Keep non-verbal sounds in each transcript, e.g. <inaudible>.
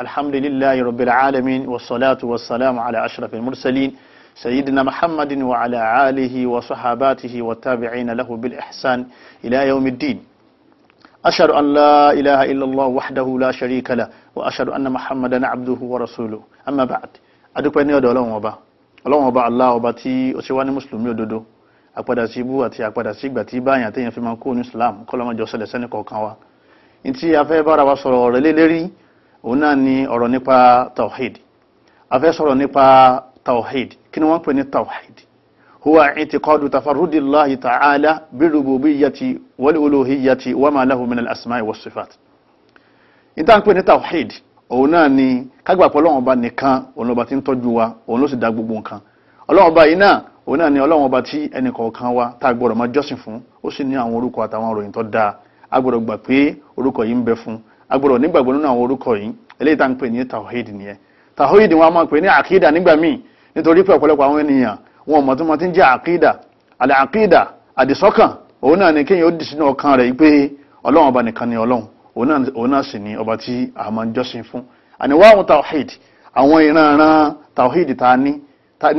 الحمد لله رب العالمين والصلاة والسلام على أشرف المرسلين سيدنا محمد وعلى آله وصحاباته والتابعين له بالإحسان إلى يوم الدين أشهد أن لا إله إلا الله وحده لا شريك له وأشهد أن محمدا عبده ورسوله أما بعد أدوك بني أدو ألوم وبا ألوم وبا الله وبا تي أسواني مسلم يدودو أقبدا سيبو أتي أقبدا سيبا تيبا ينتين في منكون إسلام كل ما جوصل سنة كوكاوا إنتي أفاي بارا وصر ورلي لري òun náà ni ọ̀rọ̀ nípa tawhid a fẹ́ sọ̀rọ̀ nípa tawhid kí ni wọ́n pè ní tawhid huwa i'tiqadu tafarrudillahi ta'ala birububiyyati wal uluhiyyati wa ma lahu min al-asma'i was sifat ìtàn pè ní tawhid òun náà ni kágbà pé ọlọ́run ọba nìkan òun lọ́ba tí ń tọ́jú wa òun ló sì dá gbogbo nǹkan ọlọ́run ọba yìí náà òun náà ni ọlọ́run ọba tí ẹnìkọ̀ọ̀kan wa tá a gbọ́dọ̀ máa jọ́sìn fún ó sì ní àwọn orúkọ àtàwọn òròyìn tó dáa a gbọ́dọ̀ gbà pé orúkọ yìí ń bẹ fún un agbọ́dọ̀ nígbàgbọ́ nínú àwọn orúkọ yìí eléyìí tá ń pè ní tawhid nìyẹn tawhid wọn a máa pè ní àkídà nígbà míì nítorí pé ọ̀pọ̀lọpọ̀ àwọn ènìyàn wọn mọ̀ tó mọ̀ tí ń jẹ́ àkídà àlẹ́ àkídà àdìsọ́kàn òun náà ni kéèyàn ó dì sínú ọkàn rẹ̀ pé ọlọ́run ọba nìkan ni ọlọ́run òun náà sì ni ọba tí a máa ń jọ́sìn fún àníwá àwọn tawhid àwọn ìranran tawhid ta ní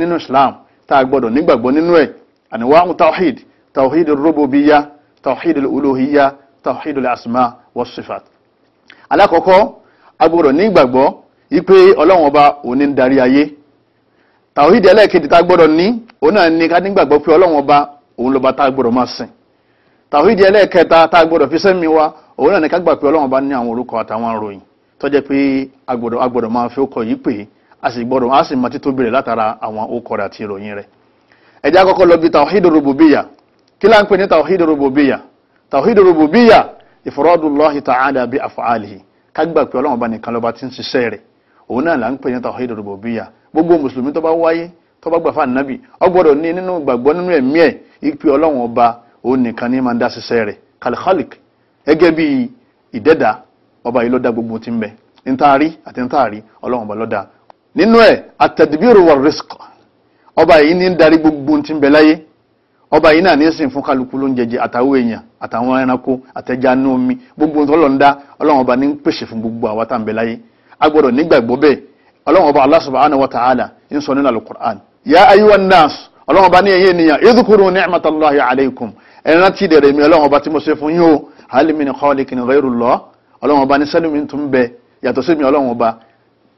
nínú islam tá a gbọ́dọ̀ nígbàgbọ́ nínú ẹ̀ àníwá àwọn tawhid tawhid rububiya tawhid uluhiya tawhid asma wa sifat alákọ̀ọ́kọ́ agbọ́dọ̀ ní ìgbàgbọ́ wípé ọlọ́run ọba òun ní ń darí ayé tàwídìí ẹlẹ́ẹ̀kejì tá a gbọ́dọ̀ ní òun náà ní ká nígbàgbọ́ pé ọlọ́run ọba òun lọ́ba tá a gbọ́dọ̀ máa sìn tàwídìí ẹlẹ́ẹ̀kẹta tá a gbọ́dọ̀ fi sẹ́mi wa òun náà ní ká gbà pé ọlọ́run ọba ní àwọn orúkọ àtàwọn pé agbọ́dọ̀ máa fi yìí a sì gbọ́dọ̀ a sì máa rẹ̀ látara àwọn rẹ̀ ifradullahi ta'ala bi af'alihi ká gbà pé ọlọ́run bá nìkan lọ́ba tí ń ṣiṣẹ́ rẹ̀ òun náà là ń pè ní tawhid rububiyya gbogbo mùsùlùmí tó bá wáyé tó bá gbà fún ànábì ó gbọ́dọ̀ ní nínú gbàgbọ́ nínú ẹ̀mí ẹ̀ ìpè ọlọ́run ọba òun nìkan ní máa ń dá ṣiṣẹ́ rẹ̀ kalkhalik gẹ́gẹ́ bí ìdẹ́dà ọba yìí ló dá gbogbo tí ń bẹ ntaari àti ntaari ọlọ́run ọba ló dá nínú ẹ̀ ọba yìí náà ní sìn fún kálukú ló ń jẹjẹ àtàwọn èèyàn àtàwọn ẹranko àtẹjà ní omi gbogbo ọlọ́run dá ọlọ́run ọba ní pèsè fún gbogbo àwa tá à ń bẹ láyé a gbọ́dọ̀ nígbàgbọ́ bẹ́ẹ̀ ọlọ́run ọba Allah subhanahu wa ta'ala ń sọ nínú alukur'an ya ayyuhan nas ọlọ́run ọba ní ẹ̀yẹ́ ènìyàn idhkuru ni'matallahi alaykum ẹ̀rán ti dẹ̀rẹ̀ mi ọlọ́run ọba tí mo ṣe fún yín o hal min khaliqin ghayrullah ọlọ́run ọba ní sẹ́nu mi tún bẹ yàtọ̀ sí mi ọlọ́run ọba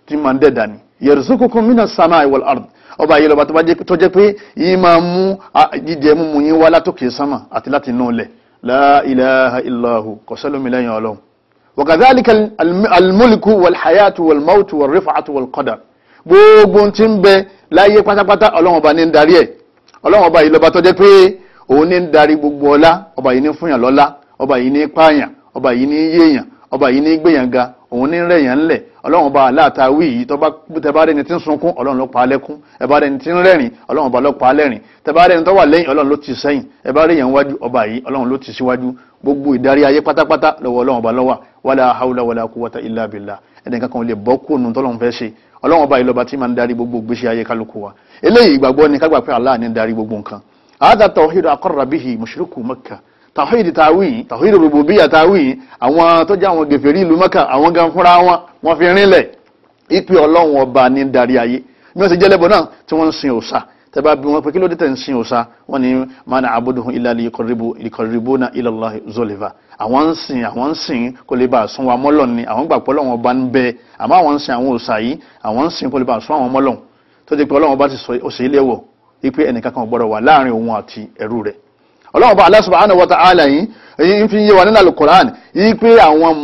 tí màá dẹ̀ dání yarzuqukum minas samai wal ard ọba yìí lọ́ba tó jẹ́ pé yìí máa mú jíjẹ múmu yín wá látòkè sánmà àti láti inú ilẹ̀ la ilaha illahu kọ̀sẹ́lómi lẹ́yìn ọlọ́run wa kadhalika almulku walhayatu walmautu walrifatu walqadar gbogbo tí ń bẹ láyé pátápátá ọlọ́run ọba ní ń darí ẹ̀ ọlọ́run ọba yìí lọ́ba tó jẹ́ pé òun ní ń darí gbogbo ọlá ọba yìí ní fúnyàn lọ́lá ọba yìí ní pààyàn ọba yìí ní yéèyàn ọba yìí ní gbèyàn òun ní rẹ̀yàn ńlẹ̀ ọlọ́run bá aláàtà wí yìí tẹ bá rẹni tí ń sunkún ọlọ́run ló pa á lẹ́kún ẹ bá rẹni tí ń rẹ́rìn ọlọ́run bá ló pa á lẹ́rìn tẹ bá rẹni tó wà lẹ́yìn ọlọ́run ló ti sẹ́yìn ẹ bá rẹyìn wájú ọba yìí ọlọ́run ló ti síwájú gbogbo ìdarí ayé pátápátá lọ́wọ́ ọlọ́run bá lọ́wà wàlá haúlá wàlá kúwọ́tà ilá bìlá ẹnìkan kan lè bọ́ ni kágbà pé Allah ni ń darí gbogbo nǹkan Makkah tàwíìdì tàwí yìí tàwíìdì rububiyya tàwí yìí àwọn tó jẹ́ àwọn gèfèrí ìlú Mẹ́kà àwọn gan fúnra wọn wọ́n fi rinlẹ̀ ìpè ọlọ́run ọba ní darí ayé bí wọ́n ti jẹ́lẹ́bọ̀ náà tí wọ́n ń sin òòṣà tẹ́bá bí wọ́n pé kí ló dé tẹ̀ ń sin òòṣà wọ́n ní mana abuduhum illa liqarribuna ila Allahi zulfa àwọn ń sin àwọn ń sin kó lè bá sún wa mọ́lọ̀ ni àwọn gbà pé ọlọ́run ọba ń bẹ àmọ́ àwọn ń sin àwọn òòṣà yìí àwọn ń sin kó lè bá sún àwọn mọ́lọ̀ tó ti pé ọlọ́run ọba ti sọ òṣèlú ẹ̀wọ̀ wípé ẹnìkan kan gbọ́dọ̀ wà láàrin òun àti ẹrú rẹ̀ ọlọ́run bá Allah subhanahu wa ta'ala yìí ń fi yé wa nínú alukoran yìí pé àwọn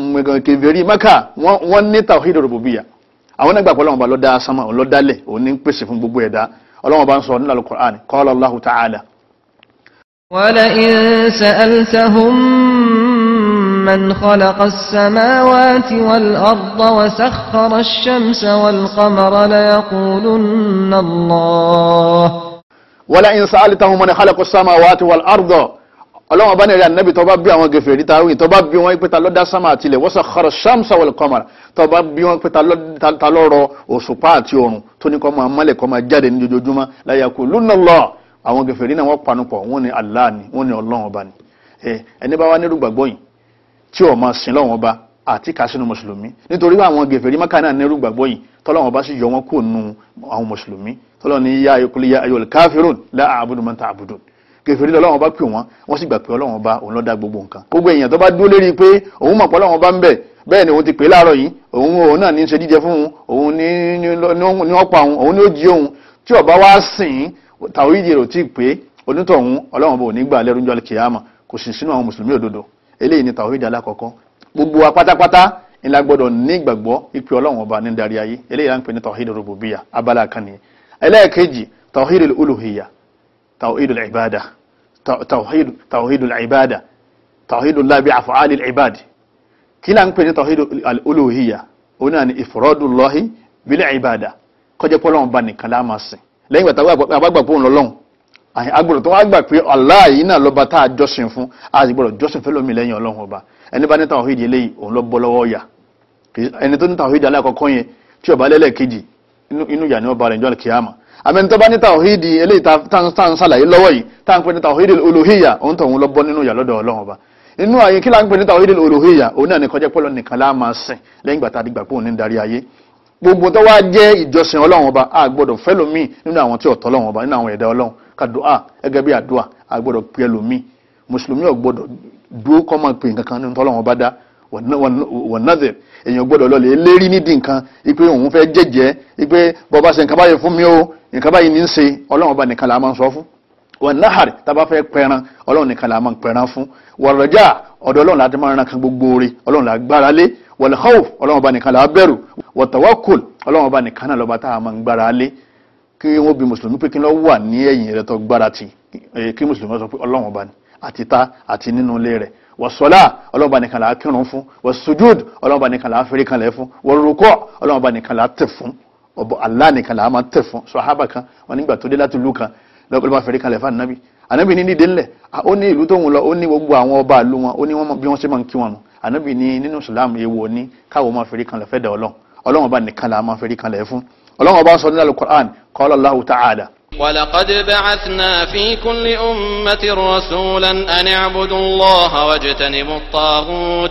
kèfèrí mẹ́kà wọ́n ní tawhid rububiyya àwọn náà gbàgbọ́ ọlọ́run bá lọ́dá sánmà lọ́dálẹ̀ òní ń pèsè fún gbogbo ẹ̀dá ọlọ́run bá ń sọ nínú alukoran qala Allahu ta'ala. ولئن سألتهم من خلق السماوات والأرض وسخر الشمس والقمر ليقولن الله wala in sa'altahum man khalaqa samawati wal arda ọlọ́wọ́n bá ní ẹ̀rẹ́ ànábì tó bá bí àwọn gẹ̀fẹ̀rí tàwí tó bá bí wọn pé ta ló dá sámà àtìlẹ̀ wa sakhkhara shamsa wal qamara tó bá bí wọn pé ta ló rọ òṣùpá àti oòrùn tó ní kó máa mọ́lẹ̀ kó máa jáde ní ojoojúmọ́ la yaqulunna Allah àwọn gẹ̀fẹ̀rí náà wọ́n panupọ̀ wọ́n ní Allah ni wọ́n ní ọlọ́wọ́n bá ní ẹni bá wá nírú gbàgbọ́ yìí tí ò máa sin lọ́wọ́n bá àti kásínú mùsùlùmí nítorí àwọn gẹ̀fẹ̀rí Mákà náà nírú gbàgbọ́ yìí tọ́lọ́wọ́n bá sì yọ wọn kúrò nù àwọn mùsùlùmí ọlọ́run ní yá ayọ̀kúlẹ̀ yá kafirun la láàbùdù máa ń ta àbùdù kèfèrí lọ́lọ́run bá pè wọ́n wọ́n sì gbà pé ọlọ́run bá òun lọ́dá gbogbo nǹkan gbogbo èèyàn tó bá dúró lérí pé òun mọ̀ pé ọlọ́run bá ń bẹ̀ bẹ́ẹ̀ ni òun ti pè láàárọ̀ yìí òun òun náà ní í ṣe jíjẹ fún òun ní ọ̀pọ̀ àwọn òun ní ó jí òun tí ó bá wá sìn tàwọn ìdí rò tí ì pé onítọ̀hún ọlọ́run bò ní gbà lẹ́rú ní ọjọ́ kìyàmà kò sì sínú àwọn mùsùlùmí òdodo eléyìí ni tàwọn ìdí alákọ̀ọ́kọ́ gbogbo wa pátápátá ńlá ní ìgbàgbọ́ ìpè ọlọ́run ọba ní darí ayé eléyìí là ní tàwọn ìdí rògbòbíyà abala kan nìyẹn ẹlẹ́ẹ̀kejì tawhidul uluhiyya tawhidul ibada tawhidul ibada tawhidul labi afu'alil ibadi kí là ń pè ní tawhidul uluhiyya ó náà ni ifradullahi bil ibada kọjá pọ́lọ́wọ́n bá nìkan láàmà sìn lẹ́yìn ìgbà àbágbà pòun lọ́lọ́run agbọ́dọ̀ tó wá gbà pé Allah yìí náà lọ́ba tá a jọ́sìn fún a sì gbọ́dọ̀ jọ́sìn fẹ́ lómi lẹ́yìn ọlọ́run ọba ẹni bá ní tawhid eléyìí òun lọ bọ́ lọ́wọ́ ọ̀yà ẹni tó ní tawhid alákọ̀ọ́kọ́ yẹn tí ó bá lẹ́lẹ́kejì inú ìyà ni wọ́n bá rẹ̀ níjọ́ kìámà àmẹ́ni tó bá ní tàwíìdì eléyìí tá ń sàlàyé lọ́wọ́ yìí tá ń pè ní tàwíìdì olóhìyà òun tọ̀hún lọ́bọ́ nínú ìyà lọ́dọ̀ ọlọ́run ọba inú àyè kí là ń pè ní tàwíìdì olóhìyà òun náà ní kọjá pẹ́lú nìkan láà máa sìn lẹ́yìn gbàtà àdìgbà pé òun ní darí ayé gbogbo tó wá jẹ́ ìjọsìn ọlọ́run ọba a gbọ́dọ̀ fẹ́ lómìn nínú àwọn tí ọ̀tọ̀ ọlọ́run ọba nínú àwọn ẹ̀dá ọlọ́run ka dùá gẹ́gẹ́ bí àdúà a gbọ́dọ̀ pẹ́ lómìn mùsùlùmí ò gbọ́dọ̀ kọ́ máa pè nǹkan kan nínú tọ́lọ́run ọba dá wọ̀nàdẹ̀ èèyàn gbọ́dọ̀ lọ lè lérí nídìí nǹkan ipe òun fẹ́ jẹ́jẹ́ ipe bọ́ba ṣe nǹkan báyìí fún mi o nǹkan báyìí ní í ṣe ọlọ́run ọba nìkan là máa ń sọ fún wọ̀nàhàrì tá a bá fẹ́ pẹran ọlọ́run nìkan là máa ń pẹran fún wọ̀rọ̀jà ọ̀dọ̀ ọlọ́run láti máa ran kan gbogbo oore ọlọ́run là gbára lé wọ̀lẹ́kọ́wò ọlọ́run ọba nìkan là á bẹ̀rù wọ̀tọ̀wọ́kùl ọlọ́run ọba nìkan náà lọ́ba tá máa gbára lé kí wọ́n bi mùsùlùmí pé kí lọ́ wà ní ẹ̀yìn rẹ̀ tó gbára tì kí mùsùlùmí sọ pé ọlọ́run ọba ni àti ta àti nínú ilé rẹ̀ wọ̀sọ́lá ọlọ́ọ̀bá nìkan là á kírun fún wọ̀sùjúd ọlọ́ọ̀bá nìkan là á fẹ́rí kan lẹ̀ fún wọ̀rùkọ́ ọlọ́ọ̀bá nìkan là á tẹ̀ fún ọ̀bọ̀ Allah nìkan là á máa tẹ̀ fún sọ̀hábà kan wọn nígbà tó dé láti ìlú kan lọ́pọ̀lọpọ̀ fẹ́rí kan lẹ̀ fún ànábì ànábì ní nídìí ńlẹ̀ ó ní ìlú tó ń lọ ó ní gbogbo àwọn ọba ìlú wọn ó ní bí wọ́n ṣe máa ń kí wọn nù ànábì ní nínú Islam ewu ní káwọ́ máa fẹ́rí kan lẹ̀ fẹ́ dà ولقد بعثنا في كل أمة رسولا أن اعبدوا الله واجتنبوا الطاغوت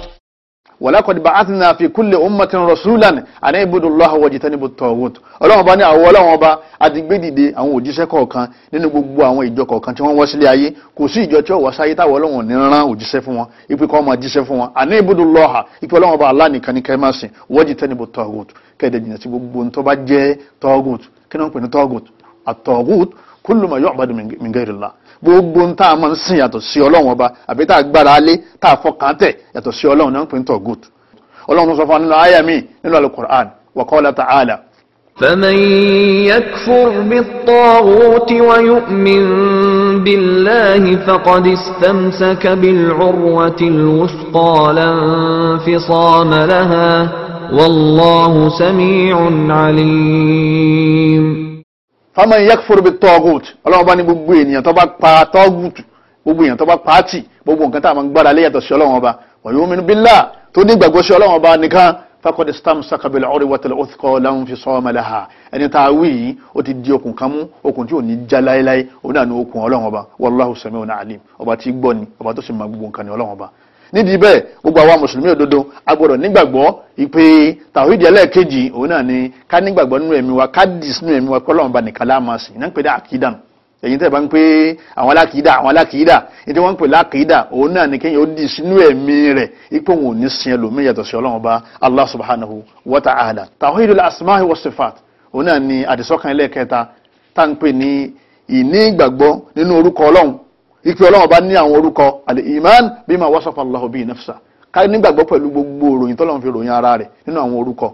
ولقد بعثنا في كل أمة رسولا أن اعبدوا الله واجتنبوا الطاغوت ọlọ́run bá ní àwọn ọlọ́run bá a ti gbé dìde àwọn òjíṣẹ́ kọ̀ọ̀kan nínú gbogbo àwọn ìjọ kọ̀ọ̀kan tí wọ́n wọ́ sílé ayé kò sí ìjọ tí ó wá sáyé táwọn ọlọ́run ní rán òjíṣẹ́ fún wọn ipe kọ́ máa jíṣẹ́ fún wọn àní ibùdó lọ́ha ipe ọlọ́run bá aláàní kan ní kẹ́másìn wọ́jì tẹ́nibù tọ́gùt kẹ́ẹ̀dẹ̀ jìnnà sí gbogbo ohun tó bá kí náà ń pè ní tọ́gùt àtọ̀gùt kúlù mà yọ̀bàd min gairillah gbogbo ń tá a máa ń sìn yàtọ̀ sí ọlọ́run ọba àbí tá a gbára lé tá a fọkàn tẹ̀ yàtọ̀ sí ọlọ́run náà ń pè ń tọ̀gùt ọlọ́run sọ fún wa nínú àyà mi nínú alukur'an wa qala ta'ala فمن يكفر بالطاغوت ويؤمن بالله فقد استمسك بالعروة الوثقى لا انفصام لها والله سميع عليم Fama yẹn fúru bí tọ́gùt ọlọ́run bá ní gbogbo ènìyàn tó bá pa tọ́gùt gbogbo èèyàn tó bá pa á tì gbogbo nǹkan tá a máa ń gbára lé yàtọ̀ sí ọlọ́run ọba wọ́n yóò mìíràn bílà tó ní ìgbàgbọ́ sí ọlọ́run ọba nìkan fakọ́dé stam sakabila ọ̀rẹ́ wọ́tẹ̀lẹ̀ ó ti kọ́ láwọn fi sọ́ọ́ mẹ́lẹ̀ ha ẹni tá a wí yìí ó ti di okùn kan mú okùn tí ò ní já láéláé ó náà ní okùn ọlọ́run ọba wàlláhu sami'un alim ọba tí gbọ́ ni ọba tó sì máa gbogbo nǹkan ní ọlọ́run ọba nídìí bẹ́ẹ̀ gbogbo àwa mùsùlùmí òdodo a gbọ́dọ̀ nígbàgbọ́ ìpè tàwídìí ẹlẹ́ẹ̀kejì òun náà ni ká nígbàgbọ́ nínú ẹ̀mí wa ká dì sínú ẹ̀mí wa kọ́lọ́run ba nìkan láàmà sí iná ń pè dá àkídà èyí tẹ́ bá ń pè àwọn alákìídà àwọn alákìídà ètò wọn ń pè lákìídà òun náà ni kéèyàn ó dì sínú ẹ̀mí rẹ̀ ipò wọn ò ní sin ẹlòmíì yàtọ̀ sí ọlọ́run ọba allah subhanahu wa ta'ala tawhidul asmahi wa sifat òun náà ni àdìsọ́kàn ẹlẹ́ẹ̀kẹta tá à ń pè ní ìní ìgbàgbọ́ nínú orúkọ ọlọ́run ìpè ọlọ́run bá ní àwọn orúkọ al-iman bima wasafa Allahu bihi nafsa ká nígbàgbọ́ pẹ̀lú gbogbo òròyìn tọ́lọ́run fi ròyìn ara rẹ̀ nínú àwọn orúkọ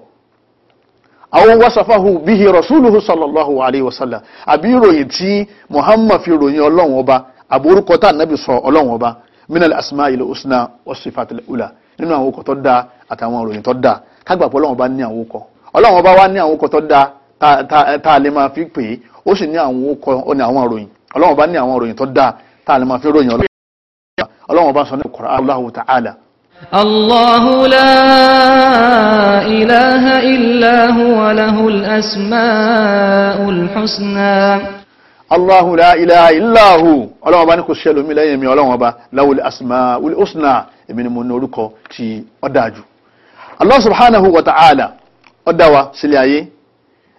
àwọn wasafahu bihi rasuluhu sallallahu alayhi wa sallam àbí ìròyìn tí muhammad fi ròyìn ọlọ́run ọba àbórúkọ tá ànábì sọ ọlọ́run ọba minal asma ilẹ̀ usna wasifatil ula nínú àwọn okọ̀ tó da tá a lè máa fi ròyìn ọlọ́run ọlọ́run ọba sọ ní ọkọ̀rọ̀ Allahu ta'ala. Allahu la ilaha illa huwa lahul asma'ul husna. Allahu la ilaha illa hu ọlọ́run ọba ní kò ṣẹlẹ̀ omi lẹ́yìn mi ọlọ́run ọba lahul asma'ul husna èmi ni mo ní orúkọ tí ó dájú. Allah subhanahu wa ta'ala ó sílẹ̀ ayé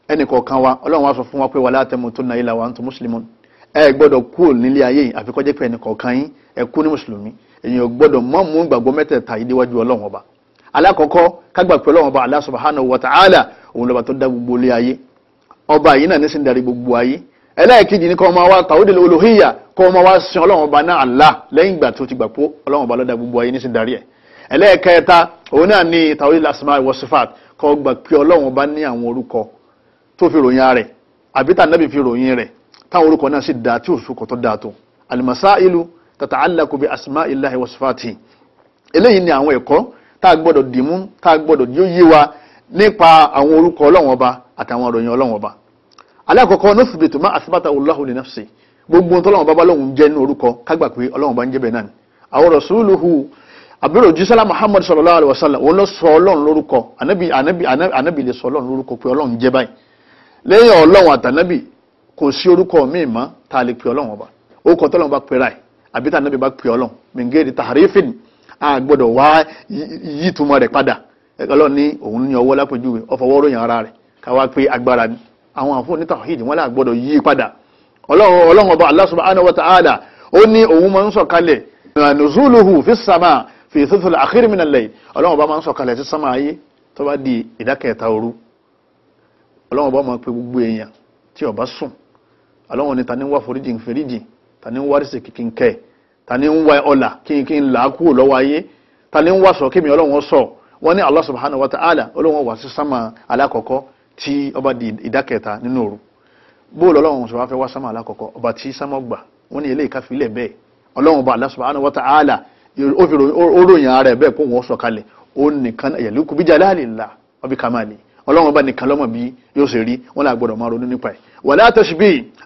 ẹnì kọ̀ọ̀kan wa ọlọ́run wa sọ fún wa pé wala tamutunna illa wa antum muslimun ẹ gbọ́dọ̀ kú nílé ayé yìí àfi kó jẹ́ pé ẹnìkọ̀ọ̀kan yín ẹ kú ní mùsùlùmí èèyàn gbọ́dọ̀ mọ́ mú gbàgbọ́ mẹ́tẹ̀ẹ̀ta yìí déwájú ọlọ́run ọba alákọ̀ọ́kọ́ kágbà pé ọlọ́run ọba Allah subhanahu wa ta'ala òun lọ́ba tó dá gbogbo ilé ayé ọba yìí náà ní sin darí gbogbo ayé ẹlẹ́ẹ̀kejì ni kó máa wá tàwọ́dé olóhìyà kó máa wá sin ọlọ́run ọba náà Allah lẹ́yìn ìgbà tó ti gbà pé ọlọ́run ọba ló dá gbogbo ayé ní sin darí ẹ̀ ẹlẹ́ẹ̀kẹta òun náà ní tàwọ́dé asma wa sifat kó gbà pé ọlọ́run ọba ní àwọn orúkọ tó fi ròyìn rẹ̀ àbí tànàbì fi ròyìn rẹ̀ táwọn orúkọ náà sì dáa tí òṣùkọ tó dáa tó alimasailu tata'allaqu bi asma'illahi wa sifatihi eléyìí ni àwọn ẹ̀kọ́ tá a gbọ́dọ̀ dìmú tá a gbọ́dọ̀ yóò yé wa nípa àwọn orúkọ ọlọ́wọ́n ọba àtàwọn ìròyìn ọlọ́wọ́n ọba alákọ̀ọ́kọ́ nuthbitu ma asbatahu Allahu li nafsi gbogbo ohun tọ́lọ́wọ́n bábá lóhun lẹ́yìn ọlọ́run àtànábì kò sí orúkọ míì mọ́ tá a lè pè ọlọ́run ọba orúkọ tọ́lọ́run bá pera ẹ̀ àbí tànàbí bá pè ọlọ́run mìngẹ́rì tàrífìn a gbọ́dọ̀ wá yítumọ̀ rẹ̀ padà ọlọ́run ní òun ní ọwọ́ lápèjúwe ọfọwọ́ ròyìn ara rẹ̀ káwá pé agbára ni àwọn àfọ ní tàwíìdì wọn là gbọ́dọ̀ yí padà ọlọ́run ọba Allah subhanahu wa ta'ala ó ní òun máa ń sọ̀kalẹ̀ nùzúlùhù fi sàmà fi thuluthil akhir min al-layl ọlọ́run ọba máa ń sọ̀kalẹ̀ sí sàmà ayé tó bá di ìdákẹ́ta òru ọlọ́run ọba máa pe gbogbo èèyàn tí ó sùn ọlọ́wọ́n ni tani ń wá foríjì tani ń wá rìsìkì kí tani ń wá ọ̀là kí n kí tani ń wá sọ kí mi ọlọ́wọ́n sọ wọ́n ní Allah subhanahu wa ta'ala ọlọ́wọ́n wà sí sámà alákọ̀ọ́kọ́ tí ọba di ìdákẹta nínú òru bóòlù ọlọ́wọ́n sọ wá fẹ́ wá sámà alákọ̀ọ́kọ́ ọba tí sámà gbà wọ́n ní ilé ìkáfílẹ̀ bẹ́ẹ̀ ọlọ́wọ́n bá Allah subhanahu wa ta'ala ó ròyìn ara ẹ̀ bẹ́ẹ̀ kó wọ́n sọ kalẹ̀ ó nìkan ẹ̀yẹ̀lúkú bíjà láàlìlá ọbí kamali ọlọ́wọ́n bá nìkan lọ́mọ bí yóò ṣe rí wọ́n làgbọ́dọ̀ máa ronú nípa ẹ̀ wàlá tashbih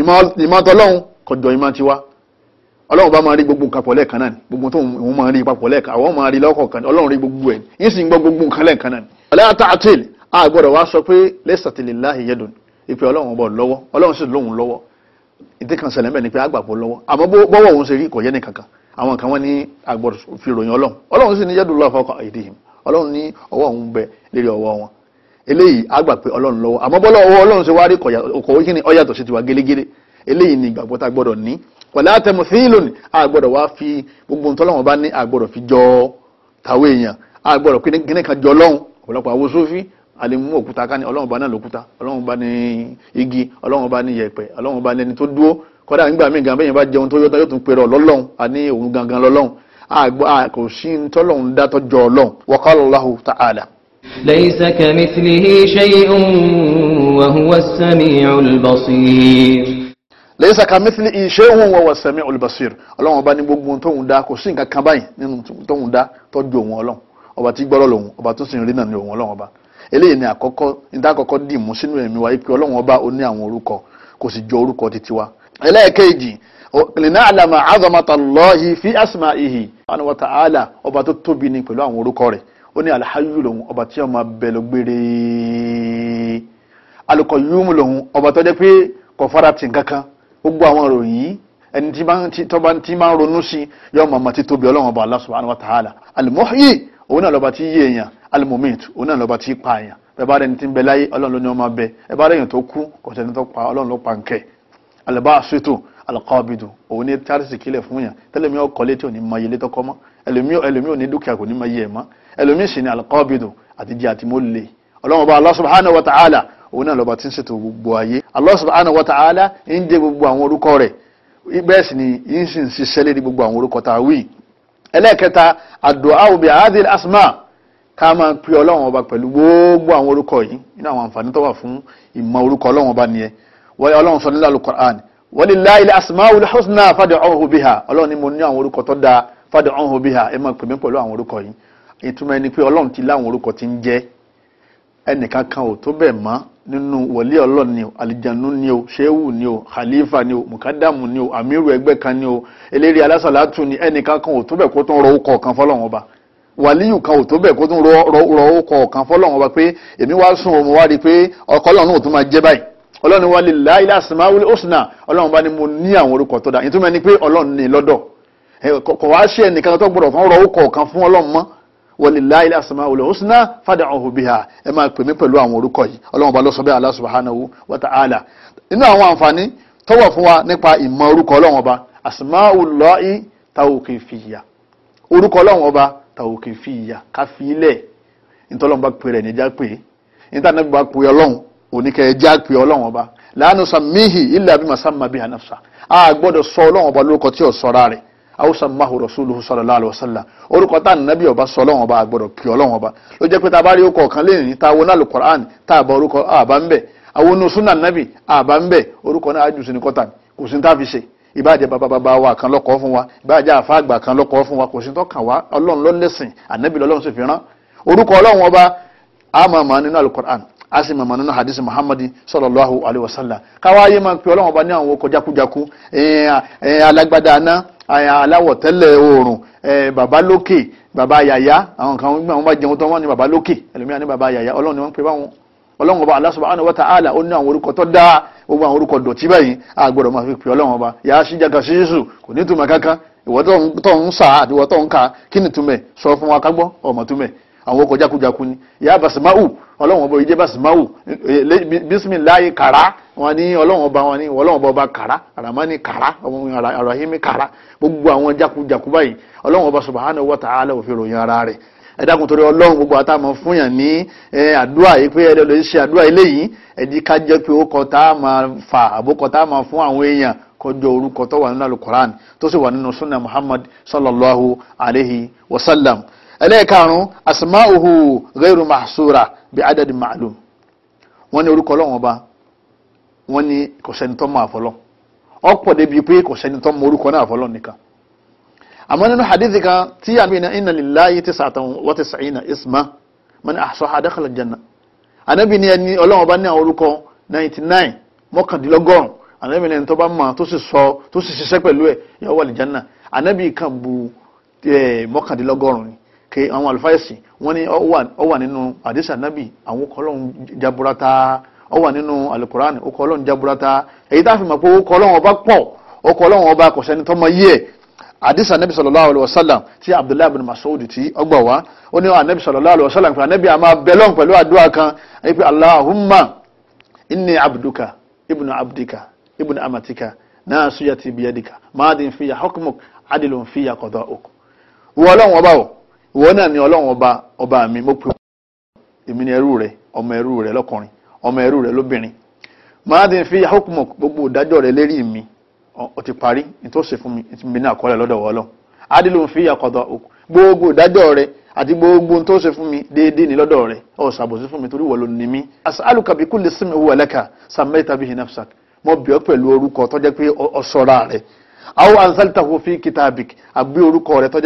ìmọ̀ tọ́lọ́hún kọjọ ìmọ̀ tiwa ọlọ́run bá máa rí gbogbo nǹkan pọ̀ lẹ́ẹ̀kan náà ni gbogbo tó òun máa rí papọ̀ lẹ́ẹ̀kan àwọn máa rí lọ́kọ̀ọ̀kan ọlọ́run rí gbogbo ẹ̀ yín sì ń gbọ́ gbogbo nǹkan lẹ́ẹ̀kan náà ni. ọ̀lẹ́ àtàtìl a gbọ́dọ̀ wá sọ pé lẹ́sàtìlélàhì yẹ́dùn ìpè ọlọ́run bọ̀ lọ́wọ́ ọlọ́run sì lóhun lọ́wọ́ ìdí kan ṣẹlẹ̀ mẹ́rin pé àgbàgbọ́ lọ́wọ́ àmọ́ bọ́wọ́ òun ṣe rí kò yẹ ní àwọn eléyìí á gbà pé ọlọ́run lọ́wọ́ àmọ́ bọ́lá ọwọ́ ọlọ́run ṣe wá rí kọ̀ọ̀kọ̀ kí ni ó yàtọ̀ sí tiwa gẹ́lẹ́gẹ́lẹ́ eléyìí ni ìgbàgbọ́ tá a gbọ́dọ̀ ní wàlẹ́ àtẹ̀mù sílò ní a gbọ́dọ̀ wá fi gbogbo ntọ́lọ́wọ́n bá ní a gbọ́dọ̀ fi jọ tàwé èèyàn a gbọ́dọ̀ kíní kan jọ lọ́hùn ọ̀pọ̀lọpọ̀ àwọn sófin alimu òkúta ká ní ọlọ́run bá náà lókúta ọlọ́run bá ní igi ọlọ́run bá ní yẹ̀pẹ̀ ọlọ́run bá ní ẹni tó dúró kọ́dà nígbà míì gan bẹ́yẹn bá jẹun tó yọ yóò tún pèrọ lọ́lọ́run a ní òun Allahu ta'ala ليس كمثله شيء وهو السميع البصير ليس كمثله شيء وهو السميع البصير ọlọ́run ọba ní gbogbo ohun tóun dá kò sí nǹkan kan báyìí nínú tóun dá tọ́jú òun ọlọ́run ọba tí gbọ́rọ̀ lòun ọba tó sì ń rí náà ní òun ọlọ́run ọba eléyìí ni àkọ́kọ́ níta àkọ́kọ́ dì mú sínú ẹ̀mí wa pé ọlọ́run ọba ó ní àwọn orúkọ kò sì jọ orúkọ títí wa ẹlẹ́ẹ̀kejì lina'lama 'azamata Allahi fi asma'ihi wa ta'ala ọba tó tóbi ni ó ní alhayu lòun ọba tí wọn máa bẹ lọ gbére alukọyumu lòun ọba tó jẹ́ pé kò fara tì kankan gbogbo àwọn ìròyìn ẹni tí máa ronú sí yọ ọmọ ọmọ tí tóbi ọlọ́run ọba Allah subhanahu wa alimohi òun náà lọ́ba tí yé èèyàn alimomit òun náà lọ́ba tí pa èèyàn ẹ bá rẹni tí ń bẹ láyé ọlọ́run ló ní ọmọ bẹ ẹ bá rẹyìn tó kú kọ̀ọ̀tẹ́ni tó pa ọlọ́run ló pa nkẹ́ alibá aseto òun ní tárìsì kílẹ̀ fún yàn tẹ́lẹ̀mí ọkọ̀ létí òní mọ iye létọ́kọ́ mọ́ ẹlòmí ẹlòmí ò ní dúkìá kò ní máa yẹ ẹ̀ mọ́ ẹlòmí sì ni alqabidu àti jẹ́ àti mo lè ọlọ́run ọba Allah subhanahu wa ta'ala òun náà lọ́ba tí ń ṣètò gbogbo ayé Allah subhanahu wa ta'ala ń jẹ́ gbogbo àwọn orúkọ rẹ̀ bẹ́ẹ̀ sì ni yín sì ń ṣiṣẹ́ lédi gbogbo àwọn orúkọ tá a wí ẹlẹ́ẹ̀kẹta àdúà bi hadhihi asma ká máa pe ọlọ́run pẹ̀lú gbogbo àwọn orúkọ yìí nínú àwọn àǹfààní quran walillahi al-asma'ul husna fad'uhu biha ọlọ́run ni mo fada ọ̀hún bí ha ẹ máa pè mí pẹ̀lú àwọn orúkọ yìí ìtumọ̀ ẹni pé ọlọ́run ti láwọn orúkọ tí ń jẹ́ ẹnìkan kan ò tó bẹ́ẹ̀ mọ́ nínú wọlé ọlọ́run ni o alìjánu ni o ṣéwù ni o khalifa ni o mukadamu ni o amiru ẹgbẹ́ kan ni o eléré alásàlátù ni ẹnìkan kan ò tó bẹ́ẹ̀ kó tún rọ ọkọ̀ kan fọlọ́run ọba wàlíyù kan ò tó bẹ́ẹ̀ kó tún rọ ọkọ̀ kan fọlọ́run ọba pé èmi wá sùn òun wá rí i pé ọkọ̀ ọlọ́run ò tún máa jẹ́ báyìí ọlọ́run wà lè láìláṣìmáwìlì òsínà ọlọ́run bá ní mo ní àwọn orúkọ tó dáa ìtumọ̀ ni pé ọlọ́run ní lọ́dọ̀ kò wá ṣe ẹnìkan tó gbọdọ̀ fún ọ̀rọ̀ òkò kan fún ọlọ́run mọ́ walillahil asmaul husna fad'uhu biha ẹ máa pè mí pẹ̀lú àwọn orúkọ yìí ọlọ́run ọba ló sọ bẹ́ẹ̀ Allah subhanahu wa ta'ala inú àwọn àǹfààní tó wà fún wa nípa ìmọ̀ orúkọ ọlọ́run ọba asmaullahi tawqifiyya orúkọ ọlọ́run ọba tawqifiyya káfílẹ̀ ìtọ́lọ́run bá pè rẹ̀ níjà pé ìtànàbí bá pè ọlọ́run oníkẹ́ ẹja awusa mahu rasuluhu sallallahu alaihi wasallam orúkọ tá nàbí ọba sọ ọlọ́wọ́n ọba àgbọ̀dọ̀ kí ọlọ́wọ́n ọba ló jẹ́ pé tá a bá rí ọkọ̀ kan lẹ́yìn tá a wọnà alukur'an tá a bá orúkọ àbá ń bẹ̀ àwọn onú súnà nàbí àbá ń bẹ̀ orúkọ náà ájú sínú kọ́tà kò sí tá a fi ṣe ìbáàjẹ́ bababa wa kan lọ́kọ́ fún wa ìbáàjẹ́ àfa àgbà kan lọ́kọ́ fún wa kò sí tó kàn wá ọlọ́run ló lẹ́sìn ànábì lọ́lọ́run sì fi rán orúkọ ọlọ́run ọba àmàmà nínú alukur'an a sì mọ̀mọ́ nínú hadith muhammad sallallahu alayhi wa sallam káwá ayé máa pe ọlọ́wọ́n ọba ní àwọn okọ̀ jákujáku alágbádá aná aláwọ̀ tẹ́lẹ̀ oòrùn bàbá lókè bàbá yàyà àwọn kan wọn bá jẹun tó wọn ní bàbá lókè ẹlòmíràn ní bàbá yàyà ọlọ́run ni wọ́n pe báwọn ọlọ́run ọba Allah subhanahu wa ta'ala ó ní àwọn orúkọ tó dáa gbogbo àwọn orúkọ dọ̀tí báyìí a gbọ́dọ̀ máa fi pè ọlọ́run ọba yàá ṣíjàkà ṣíṣù kò ní túmọ̀ kankan ìwọ ń sà àti ìwọ ń kà kí ni túmẹ̀ sọ fún wa ká ọmọ túmẹ̀ àwọn ọkọ̀ jákujáku ni ìyá basimáwù ọlọ́run ọba ìdí basimáwù eh, bisimilayi kara wọn ní ọlọ́run ọba wọn ní ọlọ́run ọba kara aramani kara arahimi kara gbogbo àwọn jákujáku báyìí ọlọ́run ọba subhanahu wa ta'ala ó fi ròyìn ara rẹ̀ ẹ dákun torí ọlọ́run gbogbo àtàmọ́ fún yàn ní àdúrà yìí pé ẹ̀dọ̀ lè ṣe àdúrà eléyìí ẹ̀dí ká jẹ́ pé ó kọ́ tá a máa fà àbókọ́ tá a máa fún àwọn èèyàn kọjọ orúkọ tó wà nínú alukoran tó sì wà nínú sunna muhammad sallallahu alayhi wa sallam ẹlẹ́ẹ̀karùn-ún asma'uhu ghayru mahsura bi adadi ma'lum wọ́n ní orúkọ ọlọ́run ọba wọ́n ní kò sẹ́ni tó mọ àfọlọ́ ọ̀pọ̀ débi pé kò sẹ́ni tó mọ orúkọ náà àfọlọ́ nìkan àmọ́ nínú hadithi kan tí àmì iná inna lillahi tis'atan wa tis'ina isma man ahsaha dakhala janna anabi ní àwọn orúkọ 99 mọ́kàndínlọ́gọ́rùn anabi ẹni tó bá mọ̀ tó sì sọ tó sì ṣiṣẹ́ pẹ̀lú ke àwọn àlùfáà ẹ̀sìn wọ́n ní ó wà nínú àdìsá nábì àwọn okọ̀ ọlọ́run jaburata ó wà nínú alukurani okọ̀ ọlọ́run jaburata èyí tá a fi mọ̀ pé okọ̀ ọlọ́run ọba pọ̀ okọ̀ ọlọ́run ọba kò sẹ́ni tó mọ àdìsá nábì sallallahu alaihi wasallam tí abdullahi bin masoud ti ọgbà wá ó ní ànábì sallallahu alaihi wasallam pé ànábì àmà bẹlọ́n pẹ̀lú àdúrà kan ẹni pé allahumma abduka ibnu abdika ibnu amatika nasiyati biyadika maadin fiya hukmuk adilun fiya qada'uk wọ́n ọlọ́run ọba wọ̀ ìwọ náà ni ọlọ́run ọba ọba mi mo pè èmi ni ẹrú rẹ ọmọ ẹrú rẹ lọ́kùnrin ọmọ ẹrú rẹ lóbìnrin máa dín fi àhókùmọ̀ gbogbo ìdájọ́ rẹ lérí mi ó ti parí ní tó ṣe fún mi ti mi ní àkọọ́lẹ̀ lọ́dọ̀ wọ́ọ́lọ́ adìlú fi àkọ́dọ̀ gbogbo ìdájọ́ rẹ àti gbogbo tó ṣe fún mi déédéé ní lọ́dọ̀ rẹ ó ṣàbòsí fún mi torí wọ́ọ́ ló ní mí. as'aluka bi kulli ismin huwa laka sammaita bihi nafsak mo bẹ̀ ọ́ pẹ̀lú orúkọ tó jẹ́ pé ó sọ́ra rẹ̀ aw anzaltahu fi kitabik àgbé orúkọ rẹ̀ tó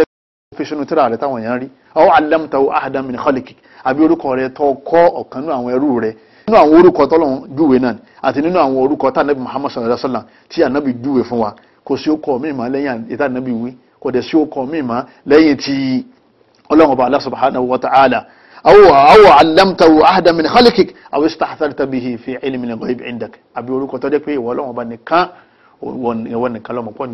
fi sínú tíra rẹ táwọn èèyàn rí aw allamtahu ahadan min khalikik àbí orúkọ rẹ tó kọ́ ọ̀kan nínú àwọn ẹrú rẹ nínú àwọn orúkọ tọ́lọ́run júwe náà àti nínú àwọn orúkọ tá ànábì muhammad sallallahu alaihi wa sallam tí ànábì júwe fún wa kò sí okọ̀ míì má lẹ́yìn ìta ànábì wí kò dẹ̀ sí okọ̀ míì má lẹ́yìn ti ọlọ́run ọba Allah subhanahu wa ta'ala aw aw allamtahu ahadan min khalikik aw istahtarta bihi fi ilmi al-ghaib indak àbí orúkọ tó jẹ́ pé ìwọ ọlọ́run ọba nìkan ìwọ nìkan lọ́mọ pọ́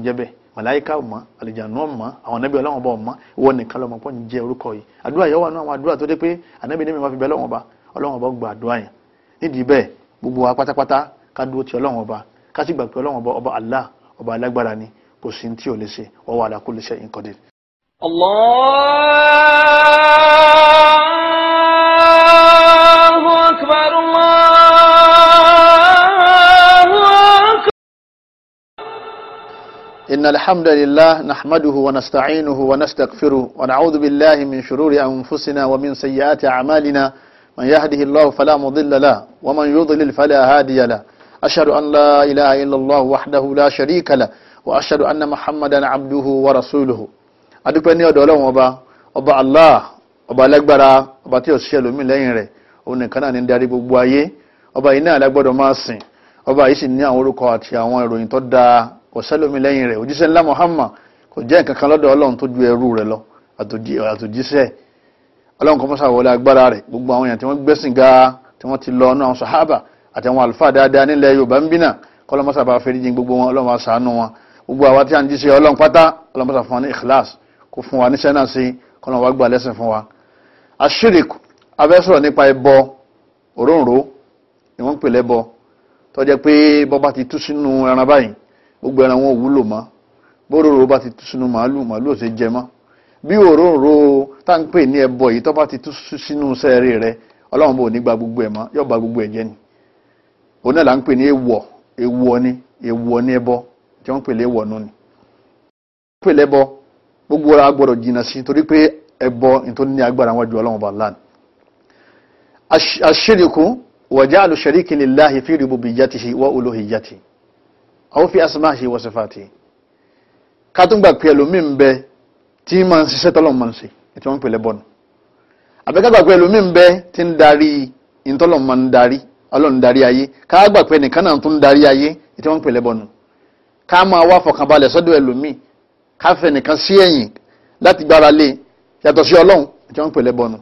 màláyíká ọmọ àlìjànú ọmọ àwọn anábì ọlọ́wọ́n bá ọmọ ìwọ nìkan lọ́mọ pọ́n jẹ́ orúkọ yìí àdúrà yẹn wà náà àwọn àdúrà tó dé pé anábì ní mi máa fi bẹ́ ọlọ́wọ́n bá ọlọ́wọ́n bá gba àdúrà yẹn nídìí bẹ́ẹ̀ gbogbo wa pátápátá ká dúró ti ọlọ́wọ́n bá ká sì gbà pé ọlọ́wọ́n bá ọba Allah ọba alágbára ni kò sí ní tí o lè ṣe wa huwa ala kulli shay'in qadir. Allah إن الحمد لله نحمده ونستعينه ونستغفره ونعوذ بالله من شرور أنفسنا ومن سيئات أعمالنا من يهده الله فلا مضل له ومن يضلل فلا هادي له أشهد أن لا إله إلا الله وحده لا شريك له وأشهد أن محمدا عبده ورسوله adúpẹ́ ní ọ̀dọ̀ ọlọ́run ọba ọba allah ọba alágbára ọba tí ó ṣiṣẹ́ lómi lẹ́yìn rẹ̀ òun nìkan náà ní darí gbogbo ayé ọba yìí náà kò sẹ́lómi lẹ́yìn rẹ̀ òjíṣẹ́ ńlá Muhammad kò jẹ́ nǹkan kan lọ́dọ̀ ọlọ́run tó ju ẹrú rẹ̀ lọ àtòjíṣẹ́ ọlọ́run kan mọ́sá wọlé agbára rẹ̀ gbogbo àwọn èèyàn tí wọ́n gbẹ́sìn ga tí wọ́n ti lọ ọ̀nà àwọn sàhábà àti àwọn àlùfáà dáadáa nílẹ̀ Yorùbá ń bínà kọ́lọ́ mọ́sá bá fẹ́ díjìn gbogbo wọn ọlọ́run àṣàánú wọn gbogbo àwa tí a ń jíṣẹ́ ọlọ́run pátá ọlọ́run ni wọ́n ń pè lẹ́bọ tó jẹ́ pé bọ́ bá ti gbogbo ẹran wọn wúlò mọ́ bóróró bá ti sínú màálù màálù ò ṣe jẹ mọ́ bí òróró tá ń pè ní ẹbọ yìí tó bá ti tú sínú sẹ́ẹ̀rì rẹ ọlọ́run bò ní gba gbogbo ẹ̀ mọ́ yóò ba gbogbo ẹ̀ jẹ́ ni òun náà là ń pè ní èèwọ̀ èèwọ̀ ni èèwọ̀ ni ẹbọ tí wọ́n pè lé èèwọ̀ nù ni. pè lẹ́bọ gbogbo ara gbọ́dọ̀ jìnnà sí torí pé ẹbọ nítorí ní agbára wọn ju ọlọ́run bá láàánú. àṣírìkù wọ̀já àlùṣẹ̀ríkì lillahi fi rububiyyatihi wa uluhiyyatihi àwọn fi asma'ihi wa sifatihi ká tún gbà pé ẹlòmíì ń bẹ tí máa ń ṣiṣẹ́ tọ́lọ̀ máa ń ṣe ètò wọn pèlè bọ́nu àbẹ́ká gbà pé ẹlòmíì ń bẹ tí ń darí ìtọ́lọ̀ máa ń darí ọlọ́run darí ayé ká gbà pé ẹnìkan náà tún darí ayé ètò wọn pèlè bọ́nu ká máa wá fọkànbalẹ̀ sọ́dọ̀ ẹlòmíì ká fẹ́ nìkan sí ẹ̀yìn láti gbára lé yàtọ̀ sí ọlọ́run ètò wọn pèlè bọ́nu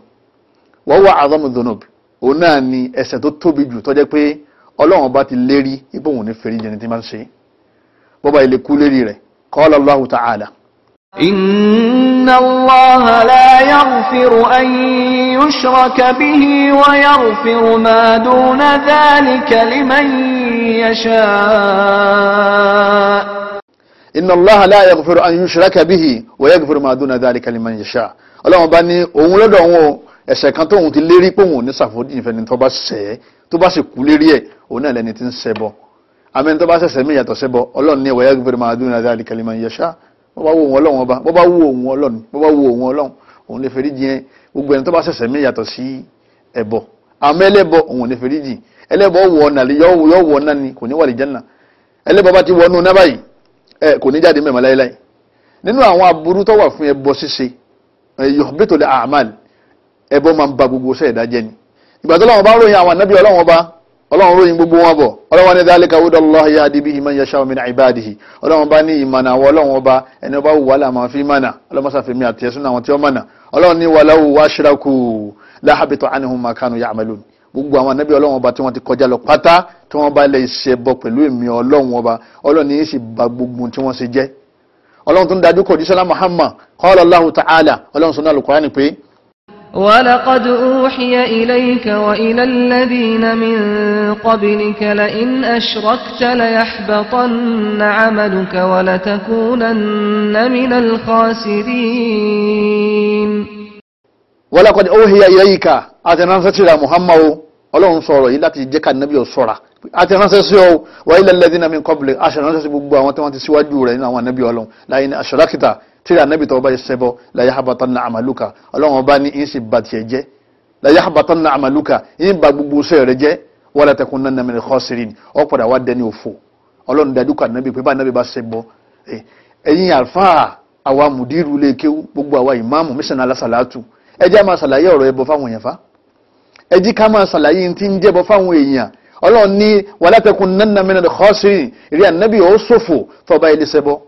wọ́n wá àzọ́mu dhunub òun náà ni ẹ̀ṣẹ̀ tó tóbi jù tó jẹ́ pé ọlọ́run ti lérí ipò òun ní fèrè jẹni tí máa ń ṣe bọ́bá ilé kú lérí rẹ̀ qala Allahu ta'ala. inna Allaha la yaghfiru an yushraka bihi wa yaghfiru ma duna dhalika liman yasha. inna Allaha la yaghfiru an yushraka bihi wa yaghfiru ma duna dhalika liman yasha. ọlọ́run bá ní òun lọ́dọ̀ òun o ẹ̀ṣẹ̀ kan tóun ti lérí pòun ní sàfòdì ìfẹ́ni tó bá ṣẹ̀ tó bá sì kú lérí ẹ̀ òun náà lẹni ti ń ṣẹbọ àmì tó bá ṣẹ̀ṣẹ̀ mí yàtọ̀ sẹ́bọ̀ ọlọ́run ní wàyà gbèrè máa dúnra dáadé kalima yẹ̀ṣá bó bá wo òun ọlọ́run ọba bó bá wo òun ọlọ́run bó bá wo òun ọlọ́run òun lè fẹ́rí jìn gbogbo ẹni bá ṣẹ̀ṣẹ̀ mí yàtọ̀ sí ẹ̀bọ àmọ́ ẹlẹ́bọ òun lè fẹ́rí jìn ẹlẹ́bọ wọ ọ̀nà yọ wọ ọ̀nà ni kò ní wà lè jẹ́nà ẹlẹ́bọ bá ti wọnú náà báyìí ẹ kò ní jáde mẹ́mọ́ láéláé nínú àwọn aburú tó wà fún ẹbọ ṣíṣe yọ̀bẹ́tò lẹ́ àmàl ẹbọ máa ọlọ́run ròyìn gbogbo wọn bọ̀ ọlọ́run ní dhalika hudallahi yahdi bihi man yasha'u min ibadihi ọlọ́run bá ní ìmọ̀nà àwọn ọlọ́run ọba ẹni ọba wùwà làmà fi mọ̀nà ọlọ́run sàfihàn mi àti ẹ̀sùn àwọn tí ó mọ̀nà ọlọ́run ní walau ashraku la habita anhum ma kanu ya'malun gbogbo àwọn anábì ọlọ́run ọba tí wọ́n ti kọjá lọ pátá tí wọ́n bá lè ṣe bọ pẹ̀lú èmi ọlọ́run ọba ọlọ́run yìí sì bà gbogbo tí wọ́n ṣe jẹ́ ọlọ́run tó ń dájú kò jísọ́lá Muhammad qala Allahu ta'ala ọlọ́run sọ náà lùkọ́ ولقد أوحي إليك وإلى الذين من قبلك لئن أشركت ليحبطن عملك ولتكونن من الخاسرين ولقد أوحي إليك أتنصت إلى محمد ọlọ́run sọ̀rọ̀ yìí láti jẹ́ ká nàbí ò sọ̀ra àti ránṣẹ́ sí ọ wáyé lẹ́lẹ́dín náà mi kọ́bìlì aṣọ ránṣẹ́ sí gbogbo àwọn tí wọ́n ti síwájú rẹ̀ nínú àwọn ànábì ọlọ́run láyé ní aṣọ́lákìtà tíra ànábì tó bá yẹ sẹ́bọ̀ láyé habatan na amaluka ọlọ́run ọba ní ìsì bàtìẹ̀ jẹ́ na amaluka ìyìn ba gbogbo sẹ́ rẹ̀ jẹ́ wala takunanna min khasirin ọ padà wá dẹni òfò ọlọ́run dadúkọ ànábì pé bá ànábì bá sẹ́bọ̀ eh, ẹ̀yin àlfáà àwa mùdírù lè kéwú gbogbo àwa ìmáàmù mísàn alásàlátù ẹ jẹ́ máa ṣàlàyé ọ̀rọ̀ ẹbọ fáwọn èèyàn fa ẹ jí ká máa ṣàlàyé tí ń jẹ́bọ fáwọn èèyàn ọlọ́run ní wala takunanna minal khasirin ìrí ànábì ó ṣòfò tọba ilé ṣẹbọ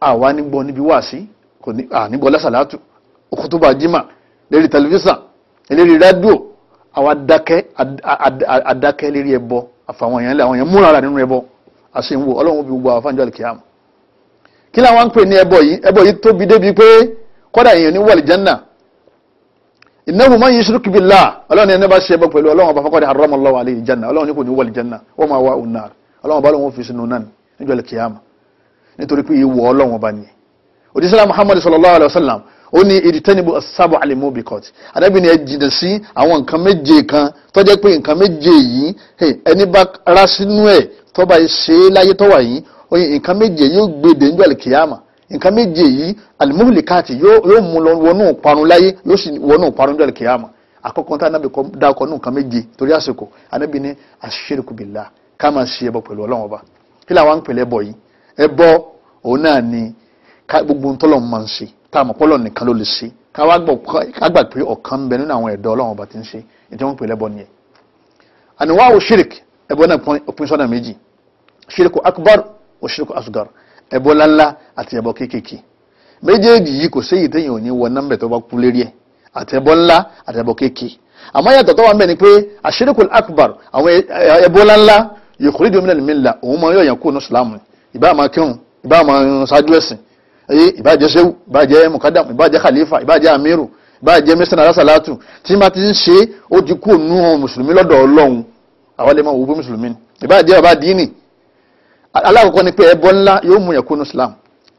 àwa nígbọ́ níbi wáàsí kò ní ànígbọ́ lásàlátù òkútùbà jimá lérí tẹlifíṣàn lérí rádíò àwa adákẹ́ adákẹ́ lérí ẹbọ àfàwọn èèyàn lé àwọn èèyàn múra nínú ẹbọ àṣewò ọlọ́run fi gbogbo àwọn fáńjọ́ àlùkìyàmù kí làwọn ń pè ní ẹbọ yìí ẹbọ yìí tóbi débi pé kọ́dà èèyàn ní wàlìjánà innahu man yushrik billah ọlọ́run ní ẹni bá ṣe ẹbọ pẹ̀lú ọlọ́run ọba faqad harrama Allahu alayhi al-janna ọlọ́run ní kò ní wọ aljanna wa ma'wahu an-nar ọlọ́run ọba lọ́wọ́ fi sinú náà níjọ́ lè kíyàmà nítorí pé ìwọ ọlọ́run ọba ni òdìsílá muhammad sallallahu alayhi wa sallam ó ní ìdítẹ́nibu sábà alimu bikot adábì ni ẹ jìnnà sí àwọn nǹkan méje kan tó jẹ́ pé nǹkan méje yìí ẹni bá ra sínú ẹ̀ ṣe é láyé tó yìí nǹkan méje yóò gbèdè níjọ́ lè kíyàmà nǹkan méje yìí alimuhulikati yóò mú lọ wọnú parun láyé yóò sì wọnú parun dọ̀lẹ̀ kìyàmà àkọ́kọ́ tá anábì dákọ̀ ní nǹkan méje torí àsìkò anábì ní aṣíríkù bìlá ká máa ṣe ẹbọ pẹ̀lú ọlọ́run ọba kí làwọn ń pèlè ẹbọ yìí ẹbọ òun náà ni gbogbo ń tọ́lọ̀ máa ń ṣe tá a mọ̀ pọ́lọ̀ nìkan ló lè ṣe ká gbà pé ọ̀kan ń bẹ nínú àwọn ẹ̀dọ́ ọlọ́run ọba ti ń ṣe ètò wọn pèlè ẹbọ nìyẹn àníwá o ẹbọ náà pín sọ́nà méjì ṣíríkù akbar o asugar ẹbọ ńláńlá àti ẹbọ kéékèèké méjèèjì yìí kò séyìí téèyàn ò ní wọ nọ́mbẹ̀ tó bá kú lérí ẹ̀ àti ẹbọ ńlá àti ẹbọ kéékèèké àmọ́ yàtọ̀ tó wà ń pé àṣírikul akbar àwọn ẹbọ ńláńlá yòkúrídìí omi nàìjíríà ńlá òun máa yọ̀yàn kú ní sùlámù ìbá máa kírun ìbá máa ṣáájú ẹ̀sìn èyí ìbá jẹ́ sẹ́wù ìbá jẹ́ mukadam ìbá jẹ́ khalifa ìbá jẹ́ amiru ìbá jẹ́ mísánà lásàlátù tí ma ti ń ṣe ó ti kú òun mùsùlùmí lọ́dọ̀ ọlọ́run àwọn lè máa wò ó mùsùlùmí ìbá jẹ́ bàbá díínì alákọ̀ọ́kọ́ ni pé ẹbọ ńlá yóò mú yẹn kúnú islam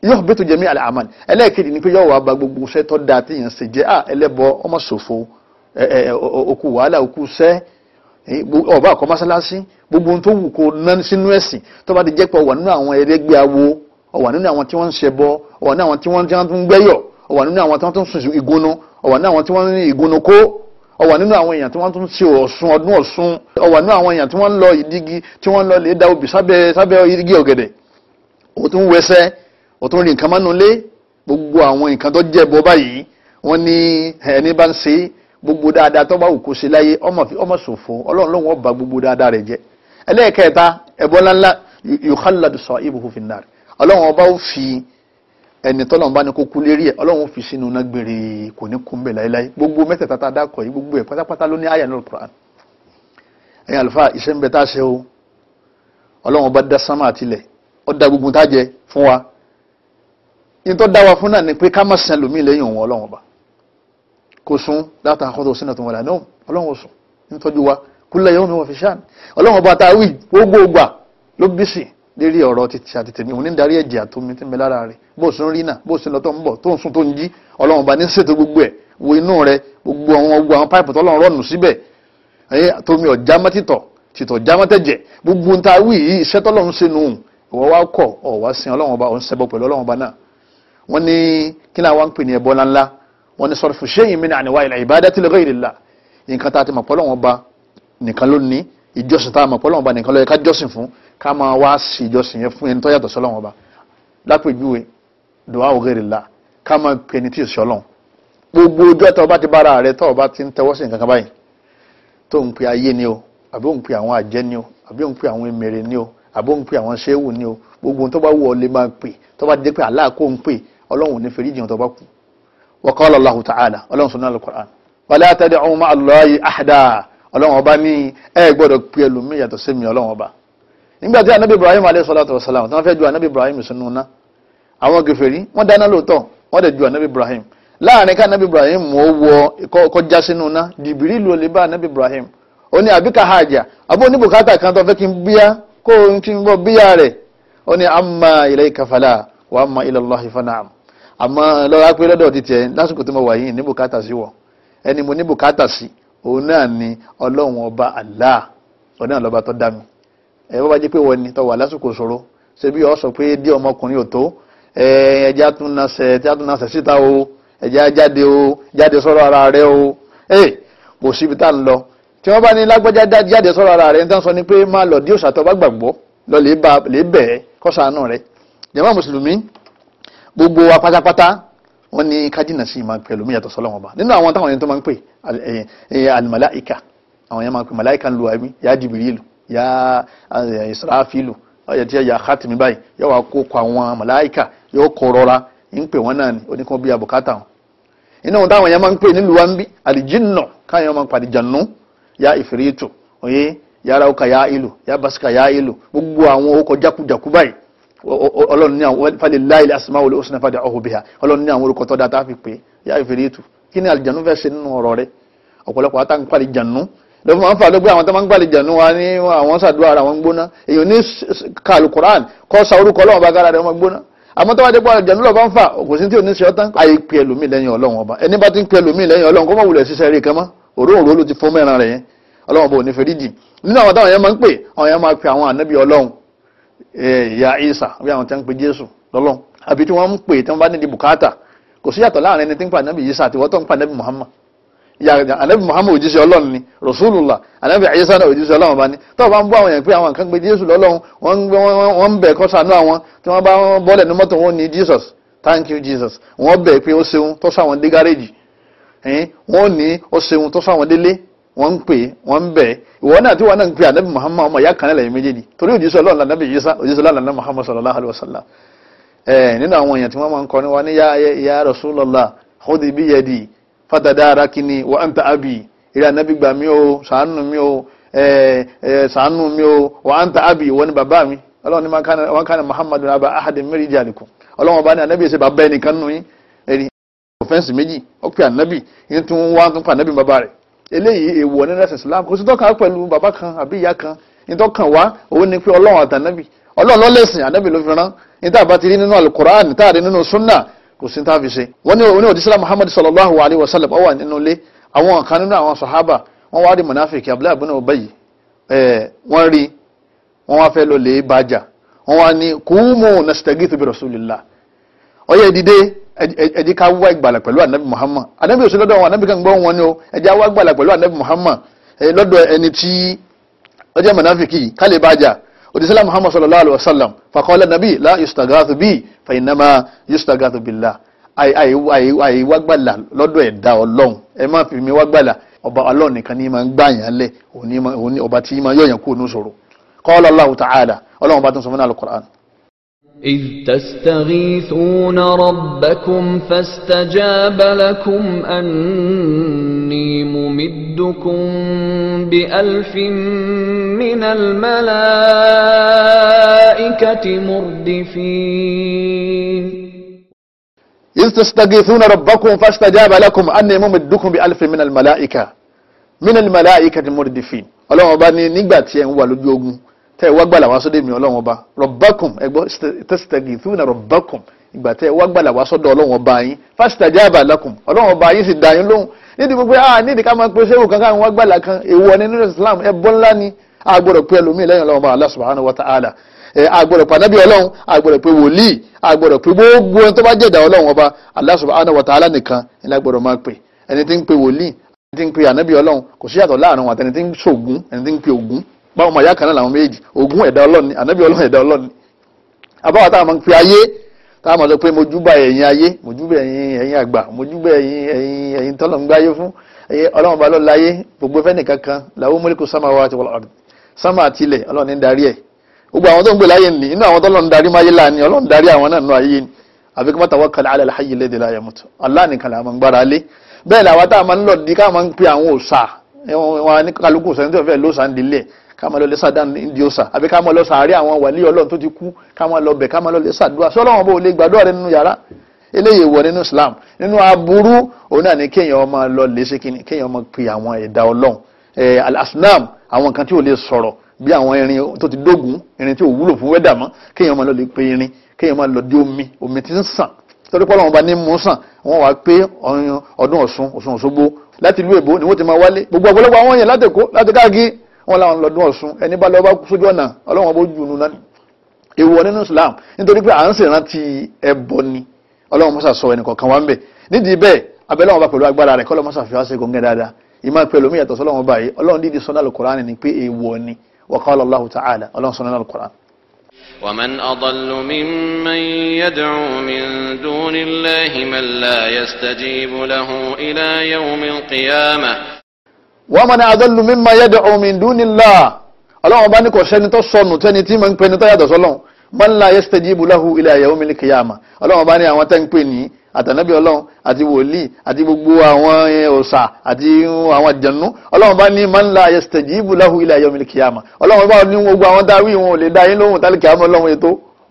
yóò bí tó jẹmí àlàmán ẹlẹ́ẹ̀kejì ni pé yóò wá ba gbogbo iṣẹ́ tó dáa tí yẹn ṣe jẹ́ à ẹlẹ́bọ ọmọ ṣòfò okú wàhálà okú sẹ́ ọba àkọ́ mọ́sálásí gbogbo ohun tó wù kó ná sínú ẹ̀sìn tó bá ti jẹ́ pé ọwà nínú àwọn ẹlẹ́gbẹ́ awo ọwà nínú àwọn tí wọ́n ń ṣẹbọ ọwà nínú àwọn tí wọ́n ń gbẹ́yọ̀ ọwà nínú àwọn tí wọ́n ń sùn ìgúnnú ọwà nínú àwọn tí wọ́n ń ìgúnnú kó ó wà nínú àwọn èèyàn tí wọ́n tún ṣe ọ̀ṣun ọdún ọ̀ṣun ó wà nínú àwọn èèyàn tí wọ́n ń lọ ìdígi tí wọ́n ń lọ lè da obì sábẹ́ sábẹ́ ìdígi ọ̀gẹ̀dẹ̀ ó tún wẹsẹ́ ó tún rí nǹkan mọ́nú lé gbogbo àwọn nǹkan tó jẹ́ bọ́ báyìí wọ́n ní ẹni bá ń ṣe gbogbo dáadáa tó bá wù kó ṣe láyé ọmọ ṣòfò ọlọ́run lóun ó ba gbogbo dáadáa rẹ̀ ẹni tọ́lọ́run bá ní kó kú lérí ẹ̀ ọlọ́run fi sínú náà gbére kò ní kú mbẹ̀ láéláé gbogbo mẹ́tẹ̀ẹ̀ta tá a dákọ̀ yìí gbogbo ẹ̀ pátápátá ló ní àyà náà Qur'an ẹ̀yin àlùfáà iṣẹ́ ń bẹ tá a ṣe o ọlọ́run bá dá sánmà àtìlẹ̀ ó dá gbogbo tá a jẹ fún wa ní tó dá wa fún náà ni pé ká má sìn lómi lẹ́yìn òun ọlọ́run ọba kò sún látà àkọ́tọ̀ sínú àtúnwọ̀lá náà lérí ọ̀rọ̀ ti ṣe àtìtẹ̀mí òun ní darí ẹ̀jẹ̀ àtomi tí ń bẹ lára rẹ̀ bó sún rí náà bó sún lọ tó ń bọ̀ tó ń sún tó ń jí ọlọ́run bá ní ṣètò gbogbo ẹ̀ wo inú rẹ̀ gbogbo àwọn gbogbo àwọn páìpù tọ́lọ́run rọ̀nù síbẹ̀ ẹ̀yẹ àtomi ọ̀já mọ́tìtọ̀ tìtọ̀ já mọ́tẹ̀jẹ̀ gbogbo ń ta wí yìí iṣẹ́ tọ́lọ́run ṣe nù ìwọ wá kọ̀ ọ̀ sin ọlọ́run ọba ò ni àwọn ń pè ní ẹbọ ńláńlá wọ́n ní sọ̀rọ̀ fùṣẹ́yìn mi ní àníwá ilẹ̀ ìjọsìn tá a mọ̀ pé ọlọ́run nìkan ló yẹ ká jọ́sìn fún ká máa wá sí ìjọsìn yẹn fún ẹni tó yàtọ̀ sọ́lọ́run ọba lápèjúwe dùwà ògèrèlà ká máa pe ẹni tí ì sọ́lọ́run gbogbo ọjọ́ tó bá ti bára rẹ tó bá ti ń tẹ́wọ́ sí nǹkan báyìí tó ń pe ayé ni o àbí òun pe àwọn àjẹ́ ni o àbí òun pe àwọn emèrè ni o àbí òun pe àwọn ṣéwù ni o gbogbo tó bá wù ọ lè máa pè tó bá dé pé Allah kó ń pè ọlọ́run ní fèrè jìyàn tó bá kú wa qala Allahu ta'ala ọlọ́run al-Qur'an wala tad'u ma'a Allahi ahada ọlọ́run ọba ní ẹ gbọ́dọ̀ pe ẹlòmíì yàtọ̀ sí ọlọ́run ọba nígbà tí anabi ibrahim alayhi salatu wasalam tí wọ́n fẹ́ ju anabi ibrahim sínú ná àwọn gèfèrí wọ́n dáná lóòótọ́ wọ́n dẹ̀ ju anabi ibrahim láàrin ká anabi ibrahim ó wọ kọjá sínú ná jìbìrì ló lè bá anabi ibrahim ó ní àbíkà hajà àbó oníbùkátà kan tó fẹ́ kí n bíyà kó o kí n bọ́ bíyà rẹ̀ ó ní amma ilayka fala wa amma ila Allahi fana'am àmọ́ lọ́wọ́ pé lọ́dọ̀ ti tẹ̀ lásìkò tí mo wà ní bùkátà sí wọ̀ ẹni mo ní bùkátà sí òun náà ni ọlọ́run ọba Allah òun náà tó dá mi ẹ bó bá jẹ́ pé wọ́n ni tọ́ wà lásìkò ṣòro ṣe bí ọ sọ pé dí ọmọkùnrin ò tó ẹjẹ́ àtúnnáṣẹ̀ síta o ẹjẹ́ jáde o jáde sọ́rọ̀ ara rẹ o ee kò síbi tá à lọ tí wọ́n bá ní lágbájá jáde sọ́rọ̀ ara rẹ nítorí sọ ni pé má lọ dí òṣà tó bá gbàgbọ́ lọ lè bẹ̀ ẹ́ kọ́sàánú rẹ jàmá mùsùlùmí gbogbo wa pátápátá wọ́n ní kájínà sí máa pẹ̀lú míyàtọ̀ sọ́lọ́wọ́n ọba nínú àwọn táwọn yẹn tó máa ń pè àlùmọ̀láìka eh, eh, àwọn yẹn máa ń pè màláìka ń ya Israfilu ọ̀yẹ̀ tí ya khatimi báyìí yóò wá kó kọ àwọn màláìkà yóò kọ rọra ń pè wọ́n náà ni oníkan bí abùkátà wọn. iná wọn táwọn yẹn máa ń pè nílùú wa ń bí àlìjínà káyọ̀ máa ń pàdé jànú ya ìfìrìtù òye ya ráwùkà ya ìlú ya basika ya ìlú gbogbo àwọn orúkọ jákujàku báyìí ọlọ́run ní àwọn fàlẹ́ láìlẹ́ asmaul husna fàdé ọ̀hùbìhà ọlọ́run ní àwọn orúkọ tó dáa tá a fi pè ya ìfìrìtù kí ni àlìjànú fẹ́ ṣe nínú ọ̀rọ̀ rẹ̀ ọ̀pọ̀lọpọ̀ àtàǹpàlìjànú ló máa ń fà lóògbé àwọn tó máa ń gbàlejò ní wa ní àwọn sàdúrà ara wọn gbóná èèyàn ní kàlù koran kọ́ sa orúkọ ọlọ́run bá gára rẹ̀ wọn gbóná àmọ́ tó bá dé pé àlejò nílò bá ń fà kò sí tí ò ní ṣe ọ́tán àyè pe ẹlòmíì lẹ́yìn ọlọ́run ọba ẹni bá ti ń pe ẹlòmíì lẹ́yìn ọlọ́run kó má wulẹ̀ ṣiṣẹ́ rẹ̀ kan mọ́ òróǹro ló ti fún mẹ́ran rẹ̀ yẹn ọlọ́run ọba ò ní fẹ́ dídì nínú àwọn táwọn yẹn máa ń pè àwọn yẹn máa pe àwọn ànábì ọlọ́run muhammad anabi muhammad òjíṣẹ́ ọlọ́run ni rasulullah anabi ayisa na òjíṣẹ́ ọlọ́run ba ní tó bá ń bọ́ àwọn èèyàn pé àwọn nǹkan pé jésù lọ́lọ́run wọ́n ń bẹ̀ kọ́ sànú àwọn tí wọ́n bá bọ́lẹ̀ ní mọ́tò wọn ni jesus thank you jesus wọ́n bẹ̀ pé ó ṣeun tó sáwọn dé gáréjì wọ́n ní ó ṣeun tó sáwọn délé wọ́n ń pè wọ́n ń bẹ̀ ìwọ náà tí wọ́n náà ń pè anabi muhammad ọmọ ìyá kan náà wa sallam nínú àwọn èèyàn tí wọ́n máa ń ya ya rasulullah fàtàdá ara kìíní wà á ń ta àbí ìrẹ́ ànábì gbà mí o sàánù mi o sàánù mi o wà á ń ta àbí wọ́n ní bàbá mi ọlọ́run ní wọn kàn ní muhammadu abba ahadi mary jaliku ọlọ́run ọba ní ànábì ṣe bàbá ẹnìkan nù yín ẹni ọ̀fẹ́ǹsì méjì ó pe yín tún wá tún pa ànábì bàbá rẹ̀ eléyìí èèwọ̀ nínú ẹ̀sìn islam kò sí tọ́ka pẹ̀lú bàbá kan àbí ìyá kan ní tọ́kàn wá òun ni pé ọlọ́run àtànábì ọlọ́run lọ́lẹ́sìn ànábì ló fi rán ní tá a bá ti sunnah kò sí tá a fi ṣe wọ́n ní oní òdìsílá muhammad sallallahu alayhi wa sallam ọwọ́ nínú ilé àwọn kan nínú àwọn sahaba wọ́n wá rí munafiki abdullahi ibn ubayi wọ́n rí wọ́n wá fẹ́ lọ lè bàjá wọ́n wá ní kúmù nastagithu bi rasulillah ó yá dìde ẹdí ká wá ìgbàlà pẹ̀lú anabi muhammad anabi òsì lọ́dọ̀ wọn anabi kan gbọ́ wọn ni o ẹdí á wá ìgbàlà pẹ̀lú anabi muhammad lọ́dọ̀ ẹni tí ó jẹ́ munafiki ká lè bàjá òdìsílá muhammad sallallahu alaihi wasallam faqala nabi la yustagathu bi fa innama yustagathu billah àìwágbàlà lọ́dọ̀ ẹ̀dá ọlọ́run ẹ má fi mi wágbàlà ọba ọlọ́run nìkan ní máa ń gbàyàn lẹ̀ òní ọba tí máa yọ̀yàn kúrò ní ìṣòro qala Allahu ta'ala ọlọ́run bá tún sọ fún náà إذ تستغيثون ربكم فاستجاب لكم أني ممدكم بألف من الملائكة مردفين إذ تستغيثون ربكم فاستجاب لكم أني ممدكم بألف من الملائكة من الملائكة المردفين ولو أباني نقبات nígbà هو tẹ́ ẹ wá gbàlà wá sọ́dọ̀ èmi ọlọ́run ọba rọ̀bákùn ẹgbọ́ tẹ́sítẹ́gì fúnà rọ̀bákùn ìgbà tẹ́ ẹ wá gbàlà wá sọ́dọ̀ ọlọ́run ọba yín fastajaba lakum ọlọ́run ọba yín sì dá yín lóhùn nídìí gbogbo ah nídìí ká máa pe sẹ́wọ̀n kan káwọn wá gbàlà kan èèwọ̀ ni nínú Islam ẹbọ ńlá ni àgbọ̀dọ̀ pé ẹlòmíì lẹ́yìn ọlọ́run ọba Allah subhanahu wa ta'ala àgbọ̀dọ̀ pé anábì ọlọ́run àgbọ̀dọ̀ pé wòlíì àgbọ̀dọ̀ pé gbogbo ẹni tó bá jẹ̀dá ọlọ́run ọba Allah subhanahu wa ta'ala nìkan ni lágbọ̀dọ̀ máa pè ẹni tí ń pe wòlíì ẹni tí ń pe anábì ọlọ́run kò sí yàtọ̀ láàrin wọn àtẹni tí ń ṣògùn ẹni tí ń pe ògùn báwọn ọmọ ìyá kan náà làwọn méjì ogun ẹ̀dá ọlọ́run ni ànábì ọlọ́run ẹ̀dá ọlọ́run ni àbáwọ̀ táwọn máa ń pe ayé táwọn máa sọ pé mojúbà ẹ̀yin ayé mojúbà ẹ̀yin ẹ̀yin àgbà mojúbà ẹ̀yin ẹ̀yin ẹ̀yin tọ́lọ̀ ń gbáyé fún ọlọ́run bá lọ́ọ́ láyé gbogbo fẹ́ni kankan làwọn mọ́lẹ́kù sámà wà ti wọ́n sámà àtìlẹ̀ ọlọ́run ń darí ẹ̀ gbogbo àwọn tó ń gbé ni inú àwọn tọ́lọ́run darí máyé láàánú ọlọ́run darí àwọn náà nù ni àfi kí wọ́n tawakkal la yamut Allah nìkan làwọn gbára lé bẹ́ẹ̀ làwọn táwọn máa ń lọ ká máa lọ lé sàdá ní òòsà àbí ká máa lọ sàárẹ̀ àwọn wàlí ọlọ́run tó ti kú ká máa lọ bẹ̀ ká máa lọ lé sàdúrà sọlọ́wọ́n bò lè gbàdúrà rẹ nínú yàrá eléyìí wọ nínú Islam nínú aburú òun náà ni kéèyàn ọmọ lọ lé sí kíni kéèyàn ọmọ pe àwọn ẹ̀dá ọlọ́run al-asnam àwọn kan tí ò lè sọ̀rọ̀ bí àwọn irin tó ti dógùn irin tí ò wúlò fún wẹ́dà mọ́ kéèyàn máa lọ lè pe irin kéèyàn máa lọ di omi omi tí ń sàn torí pọ́lọ́wọ́n bá ní mú sàn wá pé ọdún Ọ̀ṣun Ọ̀ṣun Òṣogbo láti ìlú èbó ni wọ́n ti máa wálé gbogbo ọ̀pọ̀lọpọ̀ àwọn èèyàn látẹ̀kọ́ látẹ̀káàgì wọn làwọn lọ́dún ọ̀ṣun ẹni bá lọ́ọ́ bá sójú ọ̀nà ọlọ́run ọbọ̀ jù nù náà èèwọ̀ nínú islam nítorí pé à ń ṣèrántí ẹbọ ni ọlọ́run mọ́sà sọ ẹnì kọ̀ọ̀kan wá ń bẹ̀ nídìí bẹ́ẹ̀ abẹ́lẹ́ wọn bá pẹ̀lú agbára rẹ̀ kọ́lọ́ mọ́sà fi wá sí gòngẹ́ dáadáa ìmọ̀ pẹ̀lú omi yàtọ̀ sọlọ́run báyìí ọlọ́run dídí sọ́nà alukoran ni pé èèwọ̀ ni wa qala ta'ala ọlọ́run sọ́nà alukoran. ومن أضل ممن يدعو من دون الله من لا يستجيب له إلى يوم القيامة wa man adallu mimma yad'u min dunillah ọlọ́run bá ní kò sẹ́ni tó sọnù tẹ́ni tí mo ń pè ní tó yàtọ̀ sọ́lọ́run man la yastajibu lahu ila yawmil qiyamah ọlọ́run bá ní àwọn tẹ́ ń pè ní àtànábì ọlọ́run àti wòlíì àti gbogbo àwọn òòṣà àti àwọn àjẹnú ọlọ́run bá ní man la yastajibu lahu ila yawmil qiyamah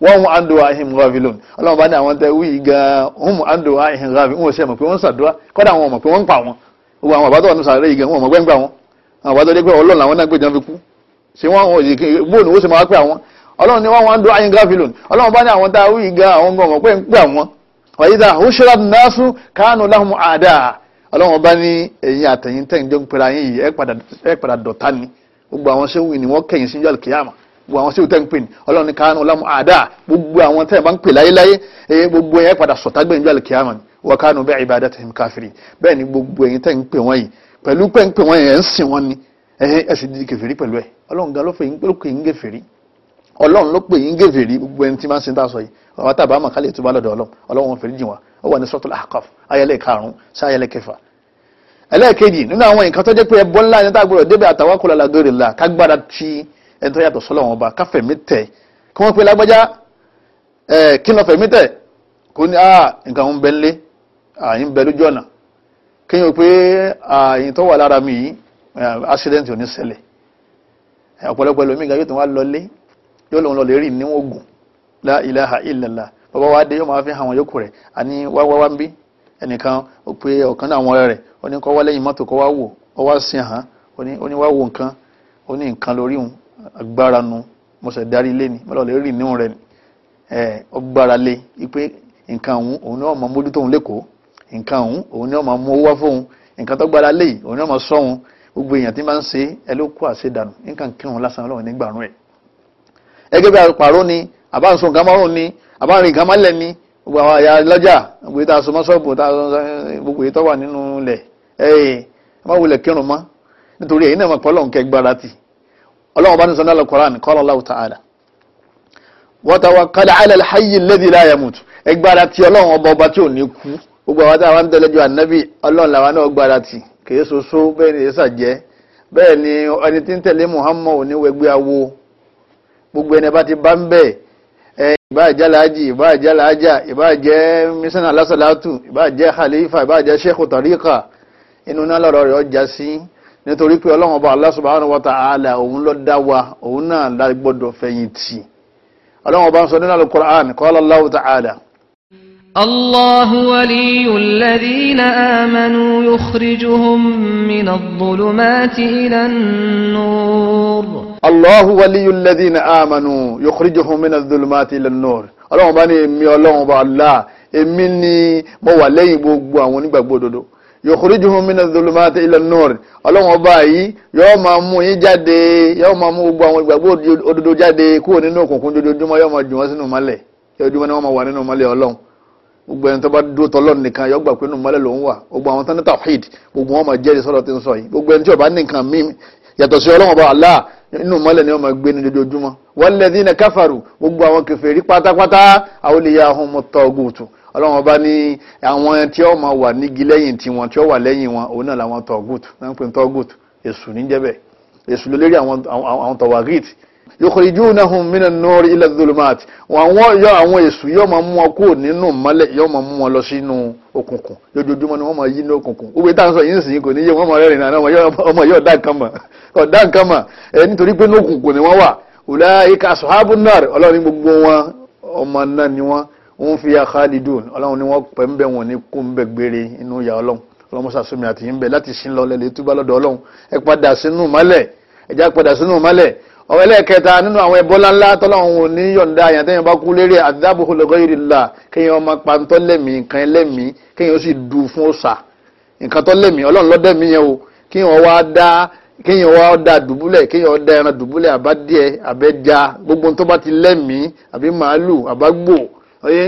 wọ́n mú àndùwà ìhìn ghafilun ọlọ́run bá ní àwọn tẹ́ wí gan-an wọ́n mú àndùwà ìhìn ghafilun wọ́n sẹ́ pé wọ́n sàdúrà kọ́dà àwọn ọmọ pé wọ́n ń pa wọn gbogbo àwọn àbádọ́ ọ̀nà sàárẹ̀ ìgẹ̀ wọn mọ̀ gbẹ́ngbà wọn àwọn àbádọ́ dẹ́gbẹ́ ọlọ́run làwọn náà gbẹ̀jọ́ fi kú ṣé wọ́n àwọn òṣèké bóòlù ó sì máa pẹ́ àwọn ọlọ́run ni wọ́n wá ń dún ayin gáfílòn ọlọ́run bá ní àwọn tá a wí ìga àwọn ọmọ ọmọ pé ń pè àwọn wàyídà húṣẹ́rà nàásù káànù láhùn àdá ọlọ́run bá ní ẹ̀yìn àtẹ̀yìn tẹ̀yìn jẹun pẹ̀lú ayé yìí ẹ̀ padà dọ̀tá ni gbogbo àwọn ṣéwìn ni wọ́n kẹ̀yìn síjọ́ àlùkìyàmà gbogbo àwọn síbi tẹ́ ń pè ní ọlọ́run ní kánú ọlámù àdá gbogbo àwọn tẹ́ ẹ̀ bá ń pè láyéláyé ẹ̀yẹ gbogbo ẹ̀yẹ padà sọ̀tá gbẹ̀yìn jọ́lẹ̀ kíámà wọ́n kánú bẹ́ẹ̀ ìbàdà tẹ̀ ń káfìrí bẹ́ẹ̀ ni gbogbo ẹ̀yìn tẹ́ ń pè wọ́n yìí pẹ̀lú pẹ́ ń pè wọ́n yìí ẹ̀ ń sìn wọ́n ni ẹ̀ sì di kèfèrí pẹ̀lú ẹ̀ ọlọ́run gan ló pè yín kèfèrí ọlọ́run ló pè yín kèfèrí gbogbo ẹni tí máa ń sin tá a sọ ẹlẹ́ẹ̀kejì nínú àwọn nǹkan tó jẹ́ pé ẹbọ ńlá ni tá a gbọ́dọ̀ débẹ̀ àtàwákùlà làgọ́rẹ̀ là kágbára ti ẹni tó yàtọ̀ sọ́lọ̀ wọn bá káfẹ̀mí tẹ̀ kí wọ́n pe lágbájá ẹ̀ kí lọ́ fẹ̀mí tẹ̀ kó ní ah nǹkan ń bẹ ńlé àyín bẹ lójú ọ̀nà kí yóò pé àyín tó wà lára mi yìí accident ò ní ṣẹlẹ̀ ọ̀pọ̀lọpọ̀ ẹlòmíì gan yóò tún wá lọlé yóò lòun lọ lè rí níwọ̀n ogun la ilaha illallah bàbá wa dé yóò máa fi hàn wọn yókù rẹ̀ àní wáwáwá ń bí ẹnìkan ó pe ọ̀kan náà àwọn ọ̀rẹ́ rẹ̀ ó ní kó wá lẹ́yìn mọ́tò kó wá wò ó wá sí hàn ó ní nǹkan lórí òun agbára nu mo sì darí ilé ni mo lọ lè rí ìníhùn rẹ ni ọgbára lé ipe nǹkan òun òun ni wọ́n máa mójútó òun lẹ́kọ̀ọ́ nǹkan òun òun ni wọ́n máa mú owó wá fóun nǹkan tó gbára lé yìí òun ni wọ́n máa sọ òun gbogbo èèyàn tí máa ń ṣe ẹ ló kó àṣedànù nǹkan kírun lásán Ọlọ́run nígbà rún ẹ̀ ẹgẹ́ bí àpàrọ̀ ni àbáǹsọ̀ nǹkan márùn-ún ni àbáǹrin nǹkan málẹ̀ ni gbogbo àwọn àyà lọ́jà gbogbo èyí tá a so mọ́sọ́ọ̀bù tó wà mọ́ nítorí ọlọ́run bá ní sọ nílẹ̀ Qur'an qala Allahu ta'ala wa tawakkal 'ala al-hayyi alladhi la yamut ẹgbàdà tí ọlọ́run ọba ọba tí ò ní kú gbogbo àwọn táwọn ń tẹ̀lé ju ànábì ọlọ́run làwọn náà gbàdà tì kìí soso bẹ́ẹ̀ ni èsà jẹ́ bẹ́ẹ̀ ni ẹni tí ń tẹ̀lé Muhammad ò ní wẹgbẹ́ awo gbogbo ẹni bá ti bá ń bẹ́ẹ̀ ìbáàjẹ́ aláàjì ìbáàjẹ́ aláàjà ìbáàjẹ́ mísánà lásàlátù ìbáàjẹ́ khalifa ìbáàjẹ́ sheikh tariqa inú náà lọ́rọ̀ rẹ̀ ọjà sí nítorí pé ọlọ́run ọba Allah subhanahu wa ta'ala òun ló dá wa òun náà la gbọ́dọ̀ fẹ̀yìntì ọlọ́run ọba sọ nínú al-Qur'an qala Allahu ta'ala. الله ولي الذين آمنوا يخرجهم من الظلمات إلى النور الله ولي الذين آمنوا يخرجهم من الظلمات إلى النور ọlọ́run bá ní èmi ọlọ́run bá Allah èmi ni mo wà lẹ́yìn gbogbo àwọn onígbàgbọ́ òdodo yukhrijuhum mina dhulumati ila nur ọlọ́wọ́n ọba yìí yóò máa mú yín jáde yóò máa mú gbogbo àwọn ìgbàgbọ́ òdodo jáde kúrò nínú òkùnkùn dojoojúmọ́ yóò máa jù wọ́n sínú mọ́lẹ̀ ojoojúmọ́ ni wọ́n máa wà nínú mọ́lẹ̀ ọlọ́run gbogbo ẹni tó bá dúró tọ́lọ́ nìkan yóò gbà pé nínú mọ́lẹ̀ lòún wà gbogbo àwọn tán ní tawhid gbogbo wọn máa jẹ́rìí sọ́dọ̀ tí ń sọ yìí gbogbo ẹni tí ò bá ní nǹkan yàtọ̀ sí ọlọ́run ọba Allah inú mọ́lẹ̀ ni wọ́n máa gbé ní dojoojúmọ́ walladhina kafaru gbogbo àwọn kèfèrí pátápátá awliyahum at-taghut ọlọ́run ọba ní àwọn tí ó máa wà nígi lẹ́yìn tiwọn tí ó wà lẹ́yìn wọn òun náà làwọn tọ́gùt náà ń pè tọ́gùt èṣù níjẹ́bẹ̀ èṣù lórí àwọn tọ̀wàgìt yukhrijunahum minan nur ila dhulumat àwọn èṣù yóò máa mú wọn kúrò nínú mọ́lẹ̀ yóò máa mú wọn lọ sínú òkùnkùn lójoojúmọ́ ni wọ́n máa yí ní òkùnkùn gbogbo ìtàn sọ yìí nìsín kò ní yé wọn máa rẹ́rìn náà ọmọ yóò dá nǹkan mọ̀ ọ̀dá nǹkan mọ̀ ẹ̀ nítorí pé ní òkùnkùn ni wọ́n wà ulaika ashabun nar ọlọ́run gbogbo wọn ọmọ náà ni wọ́n wọ́n fi ya khalidun ọlọ́run ni wọ́n pẹ̀ ń bẹ̀ wọ́n ní kó ń bẹ̀ gbére inú ya ọlọ́run ọlọ́run sàṣọmi àti yín bẹ̀ láti sin lọ lẹ́lẹ́ tó bá lọ́dọ̀ ọlọ́run ẹ padà sínú mọ́lẹ̀ ẹja padà sínú mọ́lẹ̀ ọ̀rọ̀ ẹlẹ́ẹ̀kẹta nínú àwọn ẹ̀bọ́lá ńlá tọ́lọ́run ò ní yọ̀ǹda àyàn tẹ́yìn bá kú lérè àdábò lọ́gọ́yìrìlá kéèyàn ọmọ pantọ́ lẹ́mìí nǹkan ẹlẹ́mìí kéèyàn ó sì du fún ọ̀sà nǹkan tọ́ lẹ́mìí ọlọ́run lọ́dẹ̀mí yẹn o kéèyàn wá dá kéèyàn wá da dùbúlẹ̀ kéèyàn da ẹran dùbúlẹ̀ gbogbo tó bá ti lẹ́mìí àbí màálù àbágbò oyé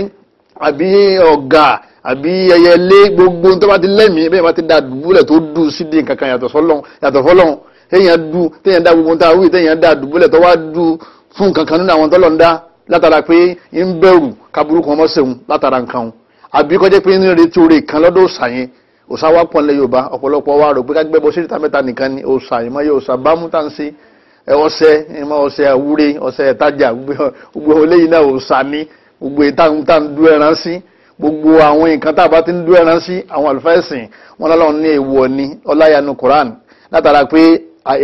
àbí ọ̀gà àbí ẹyẹlé gbogbo tó bá ti lẹ́mìí bẹ́ẹ̀ bá ti da dùbúlẹ̀ tó dù sídìí kankan yàtọ̀ fọlọ́n téèyàn dù téèyàn da gbogbo tá a wí téèyàn da dùbúlẹ̀ tó wá dù fún kankan nínú àwọn tọ́lọ̀ ń dá látara pé ń bẹ̀rù kaburúkú ọmọ sẹ́wọ̀n látara nǹkan o àbí kọjá pé ní retí oore kan lọ́dọ̀ òòsà yẹn òòsà wa pọ̀ nílẹ̀ yorùbá ọ̀pọ̀lọpọ̀ wa rò pé ká gbẹ́bọ sí mẹ́ta nìkan ni òòsà yìí mọ́ yóò òòsà bámú tá ń ṣe ọṣẹ ọṣẹ àwúre ọṣẹ ìtajà gbogbo eléyìí náà òòsà ni gbogbo ìtàn tá à ń dú ẹran sí gbogbo àwọn nǹkan tá a bá ti ń dú ẹran sí àwọn àlùfáà wọn lọ́lọ́run ní èèwọ̀ ni ọláyanu Quran látara pé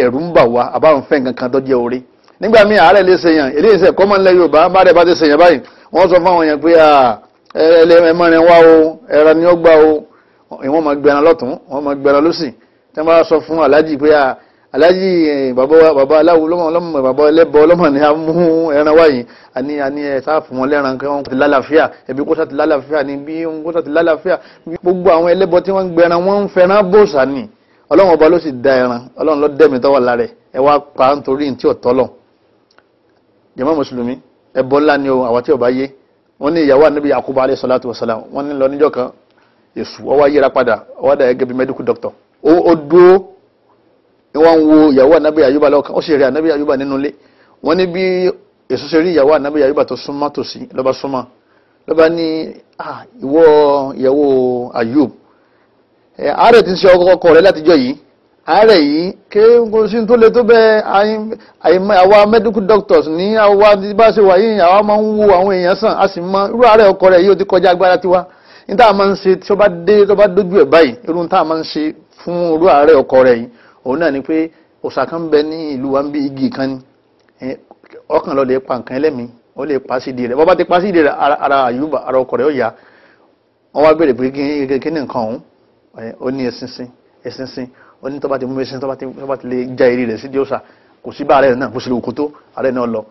ẹ̀rù ń bà wá àbáwọn fẹ́ nǹkan kan tó jẹ́ orí nígbà míì àárẹ̀ lè ṣèyàn eléyìí ṣe kọ́mọ̀ ńlẹ̀ Yorùbá bá rẹ̀ bá ti ṣèyàn báyìí wọ́n sọ fáwọn èèyàn pé ẹmọrin wá o ẹran ni ó gbà o wọ́n máa gbẹran lọ́tún wọ́n máa gbẹran lọ́sì tí wọ́n bá sọ fún aláàjì pé Alaji eh, bàbá aláwo lọ́mọ bàbá ẹlẹ́bọ ọlọ́mọ ni a mú ẹran wáyé àní ani ẹ sáà fún wọn lẹ́ran kí wọ́n ti lálàáfíà ẹbí kó sàti lálàáfíà ni bí wọ́n kó sàti lálàáfíà gbogbo àwọn ẹlẹ́bọ tí wọ́n ń gbẹran wọ́n ń fẹ́ràn bòòsà ni ọlọ́run ọba ló sì da ẹran ọlọ́run ló dẹ̀mí tọ́wọ́ lára ẹ wá pa nítorí tí ò tọ́lọ̀ jàmá mùsùlùmí ẹbọ ńlá ni o àwọn tí ò yé wọ́n ní ìyàwó ànábì Yakubu alayhi salatu wa salam wọ́n ní lọ níjọ́ kan èṣù ó wá yíra padà ó dà gẹ́gẹ́ bí medical doctor ó dúró ni wọ́n ń wo ìyàwó ànábì àyùbá lọ́kàn ó sì rí ànábì àyùbá nínú ilé wọ́n ní bí èso ṣe rí ìyàwó ànábì àyùbá tó súnmọ́ tòsí lọ́ba súnmọ́ lọ́ba ní ìwọ ìyàwó àyùb àárẹ̀ tí ń ṣe ọkọ rẹ̀ látijọ́ yìí àárẹ̀ yìí ké tó le tó bẹ́ẹ̀ àwa medical doctors ní àwa bá ṣe wà yìí àwa máa ń wo àwọn èèyàn sàn a sì mọ irú àárẹ̀ ọkọ rẹ̀ yìí ó ti kọjá agbára tiwa ní táà máa ń ṣe tí ó bá dé tó bá dójú ẹ̀ báyìí irú táà máa ń ṣe fún irú àárẹ̀ ọkọ rẹ̀ yìí òun náà ni pé òòṣà kan bẹ ní ìlú wa ń bí igi kan ni ọkàn lọ lè pa nǹkan ẹlẹ́mìí ó lè pa sídìí rẹ̀ bọ́ ti pa sídìí rẹ̀ ara àyùbá ara ọkọ̀ rẹ̀ ó yá wọ́n wá bèrè pé kí ni nǹkan òun ó ní ẹ̀sìnsìn ẹ̀sìnsìn ó ní tó bá ti mú ẹ̀sìn tó bá ti lè já eré rẹ̀ sídìí òòṣà kò sí bá ààrẹ náà kò sí lè òkú tó ààrẹ náà lọ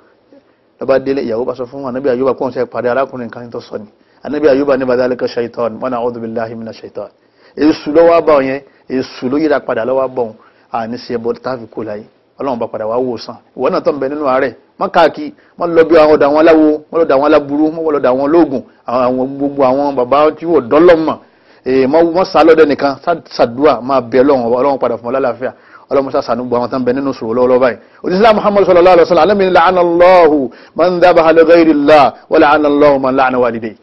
lọ́ba délé ìyàwó bá sọ fún anabi ayuba kóhùn sẹ́ parí arákùnrin kan tó sọ ni anabi ayuba ní badalika shaitan wọn àwọn ọdún bíi lahimina shaitan èṣù lọ́wọ́ bá wọn yẹn èṣù ló yíra padà lọ́wọ́ bá àní ṣe ẹbọ táàfì kó láyé ọlọ́run bá padà wá wò sàn ìwọ náà tó ń bẹ nínú àárẹ̀ má káàkiri má lọ bí àwọn ọ̀dọ̀ àwọn aláwo má lọ́dọ̀ àwọn aláburú má lọ́dọ̀ àwọn olóògùn àwọn gbogbo àwọn bàbá tí yóò dọ́lọ́mọ̀ má sá lọ́dọ̀ nìkan ṣàdúrà má bẹ ọlọ́run ọlọ́run padà fún ọ lálàáfíà ọlọ́run sá sànú gbọ́ àwọn tó ń bẹ nínú sòrò lọ́wọ́lọ́wọ́ báyìí oníṣẹ́lá muhammadu sallallahu alaihi wa sallam alamin la'anallahu man dhabaha li ghayrillah wa la'anallahu man la'ana walidayhi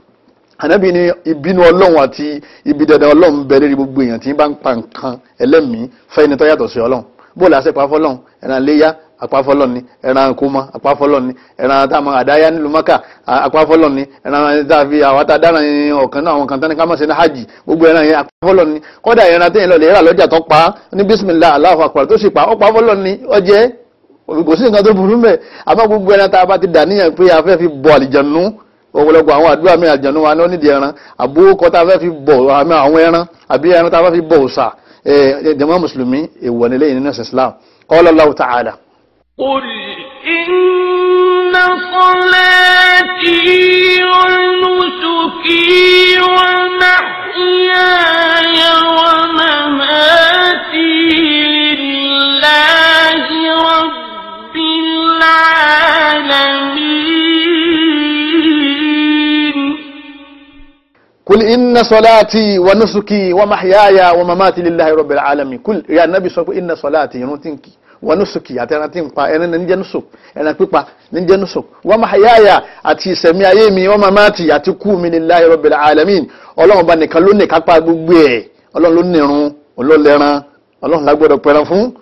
ànábì ní ìbínú ọlọ́run àti ibi dandan ọlọ́run bẹ lérí gbogbo èèyàn tí ń bá ń pa nǹkan ẹlẹ́mìí fẹ́ni tó yàtọ̀ sí ọlọ́run bóòlù àṣẹ pàfọ́lọ́run ẹran léyà àpáfọ́lọ́run ni ẹran kómọ àpáfọ́lọ́run ni ẹran táwọn àdáyá nílùú mọ́kà àpáfọ́lọ́run ni ẹran tàbí àwátá dára ní ọ̀kan náà àwọn kan tán ní ká ní hajj gbogbo ẹran yẹn àpáfọ́lọ́run ni kọ́dà ẹran tẹ́yìn lọ́lẹ̀ ẹ̀rà lọ́jà tó pa ní bísímìlá Allahu akbar tó sì pa ni ọjẹ́ kò sí nǹkan ọ̀pọ̀lọpọ̀ àwọn àdúrà mi àjànú wa ní onídìí ẹran àbúkọ tá a fẹ́ fi bọ̀ àwọn ẹran àbí ẹran tá a fẹ́ fi bọ̀ òòṣà jàmá mùsùlùmí èèwọ̀ nílé ìnínú ẹ̀sìn Islam qala Allahu ta'ala. qul inna salati wa nusuki wa mahyaya wa mamati lillahi rabbil alamin. kul inna salati wa nusuki wa mahyaya wa mamati lillahi rabbil alamin kul ya nabi sọ pé inna salati irun tí ń kí wa nusuki àti ẹran tí ń pa ẹran ní jẹ́ nusuk ẹran pípa ní jẹ́ nusuk wa mahyaya àti ìsẹ̀mí ayé mi wa mamati àti kú mi lillahi rabbil alamin ọlọ́run bá nìkan ló ní kápá gbogbo ẹ̀ ọlọ́run ló ní irun ọlọ́lẹ́ran ọlọ́run lágbọ́dọ̀ pẹran fún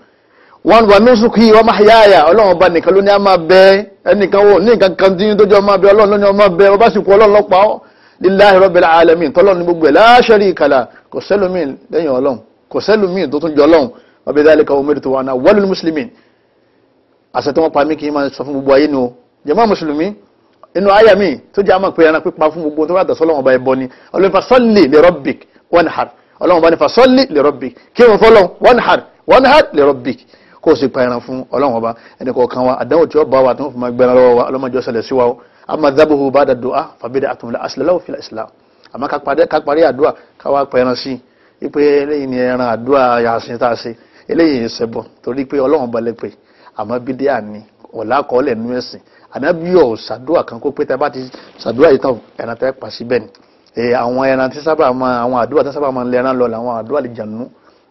wọn wà nusuki wa mahyaya ọlọ́run bá nìkan ló ní a máa bẹ ẹnìkan wò ní nǹkan kan dín dójú ọmọ abẹ ọlọ́run ló ní ọmọ abẹ ọba sì kú ọlọ́run lọ́pàá lillahi rabbil alamin tọ́lọ́run ní gbogbo ẹ̀ la sharika lah kò sẹ́lómi lẹ́yìn ọlọ́run kò sẹ́lómi tó tún jọ ọlọ́run wa bidhalika umirtu wa ana awwalul muslimin àṣẹ tí wọ́n pa mí kì í máa sọ fún gbogbo ayé ni o jàmá mùsùlùmí inú àyà mi tó jẹ́ àmọ́ pé ẹran pípa fún gbogbo tó bá dàsọ́ ọlọ́run ọba ẹ̀bọ ni ọlọ́run fasalli ama dhabuhu ba'da du'a fa bid'atun la asla lahu fil islam àmọ́ ká parí àdúrà ká wá pẹran sí i pé eléyìí ni ẹran àdúrà yàsìn tá a ṣe eléyìí ṣẹbọ torí pé ọlọ́run balẹ̀ pé àmọ́ bídíà ni ọ̀la kọ́ọ̀lẹ̀ nú ẹ̀sìn ànábì ọ̀ ṣàdúrà kan kó pé tá a bá ti ṣàdúrà yìí tán ẹran tẹ́ pa síbẹ̀ ni àwọn ẹran tí sábà máa àwọn àdúrà tí sábà máa ń lẹ ẹran lọ làwọn àdúrà àlìjànú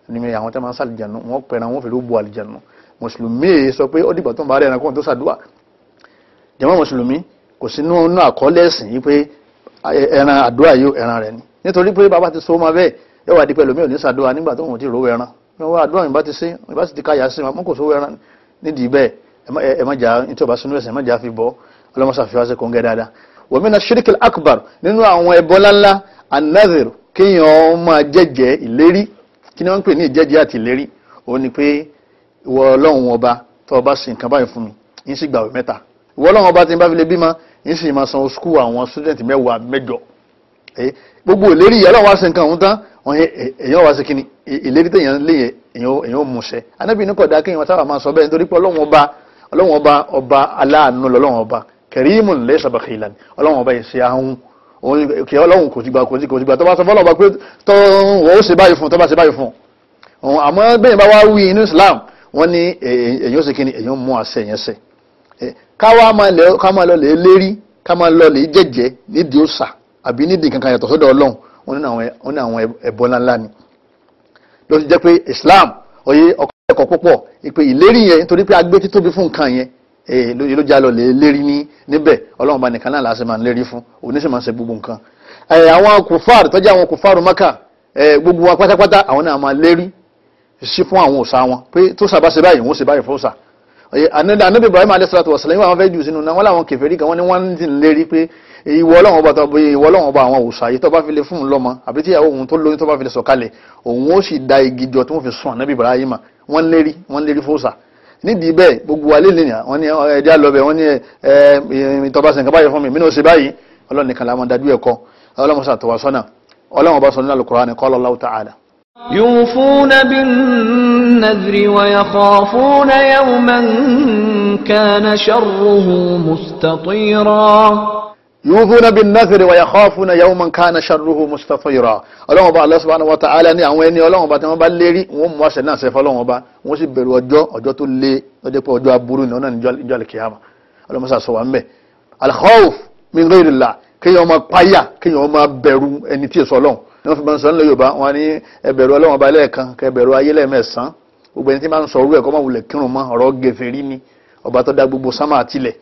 ni àwọn tí wọ́n máa ń ṣàlìjànú wọ́n pẹ̀ràn wọ́n fèrè ó bu àlìjànú mùsùlùmí sọ pé ó dìgbà tó ń bá rẹ̀ ẹran kó tó ṣàdúrà jàmá mùsùlùmí kò sí nínú àkọọ́lẹ̀ ẹ̀sìn yìí pé ẹran àdúrà yóò ẹran rẹ̀ ni nítorí pé bàbá ti so ọmọ bẹ́ẹ̀ yóò wá di pẹ̀lú mi ò ní sàdúrà nígbà tó òun ti rò ẹran níwọ̀n àdúrà mi bá ti sí mi bá sì ti káyà sí wọn kò sówó ẹran nídìí bẹ́ẹ̀ ẹ má jà nítorí ọba sunú ẹ̀sìn ẹ má jà fi bọ́ ọlọ́mọsàfihàn ṣe kò ń gẹ́ dáadáa wa mina shirikil akbar nínú àwọn ẹbọ ńláńlá anazir kéèyàn máa jẹ́jẹ́ ìlérí kí ni wọ́n ń pè ní ìjẹ́jẹ́ àti ìlérí òun ni pé ìwọ ọlọ́run o bá ṣe nǹkan báyìí fún mi ń sì ìwọ ọlọ́run ọba tí n bá fi lè bímọ yín sì máa san oṣù àwọn student mẹ́wàá mẹ́jọ gbogbo ìlérí ìyá ọlọ́run wá sí nǹkan òun tán èèyàn wá sí kí ni ìlérí tẹ̀yàn lé èèyàn ò mú ṣẹ anábì ní kódà kí èèyàn sábà máa sọ bẹ́ẹ̀ nítorí pé ọlọ́run ọba ọlọ́run ọba ọba aláàánú lọ́lọ́run ọba kẹrìmùn lẹ́sà bàkìlà ni ọlọ́run ọba ìṣe ahun kí ọlọ́run kò ti gbà kò ti kò ti gbà tó bá sọ fọlọ́ ọba pé tó wọ́n ó ṣe báyìí fún tó bá ṣe báyìí fún àmọ́ bẹ́ẹ̀ bá wá wí inú Islam wọ́n ní èèyàn ó ṣe kí ni èèyàn mú àṣẹ yẹn ṣẹ Eh, káwa máa lọ lè lérí ká máa lọ lè jẹ́jẹ́ nídìí òòṣà àbí nídìí kankan yàtọ̀ sọ́dọ̀ ọlọ́run ó ní àwọn ẹbọ ńláńlá ni ló ti jẹ́ pé Islam oyè ọkọ̀ ẹ̀kọ́ púpọ̀ ìpè ìlérí yẹn nítorí pé agbé títóbi fún nǹkan yẹn eh, ló já lọ lè lérí ní níbẹ̀ ọlọ́run bá nìkan náà láti máa ń lérí fún oníṣẹ́ máa ń ṣe gbogbo nǹkan eh, àwọn kòfàr tọ́jú àwọn kòfàr maka gbogbo wa pátápátá àwọn náà máa lérí sí fún àwọn òòṣà wọn pé tó sàbá ṣe báyìí wọ́n ṣe báyìí fún òòṣà anabi eh, ibrahim alayhisalatu wasalam wọn fẹ́ jù sínú náà wọn làwọn kèfèrí kan wọn ni wọn ti ń lérí pé ìwọ Ọlọ́run ọba tọbọ ìwọ Ọlọ́run ọba àwọn òòṣà yìí tó bá fi lè fún un lọ́mọ àbí tí ìyàwó òun tó lóyún tó bá fi lè sọ̀kalẹ̀ òun ó sì da igi jọ tí wọn fi sun anabi ibrahim wọn ń lérí wọn ń lérí fòòṣà nídìí bẹ́ẹ̀ gbogbo wa lélẹ nìyà wọn ni ẹdí àlọbẹ wọn ni ẹ tọba sẹǹkà báyìí fún mi mí ní oṣù báyìí Ọlọ́run nìkan làwọn dájú ẹ̀kọ́ Ọlọ́run sàtọwà sọnà Ọlọ́run ọba sọ nínú Al-Qur'an qala ta'ala يوفون بالنذر ويخافون يوما كان شره مستطيرا يوفون بالنذر ويخافون يوما كان شره مستطيرا ọlọ́run ọba Allah subhanahu wa ta'ala ní àwọn ẹni ọlọ́run ọba tí wọ́n bá lérí wọ́n mú àṣẹ náà sẹ́fọ́ ọlọ́run ọba wọ́n sì bẹ̀rù ọjọ́ ọjọ́ tó lé ọjọ́ pé ọjọ́ aburú ni ọ̀nà ìjọ alìkìyàmà ọlọ́run sà sọ wà ń bẹ̀ alkhawf min ghayrillah kéèyàn máa páyà kéèyàn máa bẹ̀rù ẹni tí èso ọlọ́run ni wọ́n fi máa ń sọ nílẹ̀ yorùbá wọn ní ẹbẹ̀rù ọlọ́wọ́n ba lẹ́ẹ̀kan kẹbẹ̀rù ayé lẹ́ẹ̀mẹ̀sán gbogbo ẹni tí máa ń sọ orú ẹ̀ kọ́ máa wulẹ̀ kírun mọ́ ọ̀rọ̀ gẹ̀fẹ̀rí ni ọba tó dá gbogbo sámà àtilẹ̀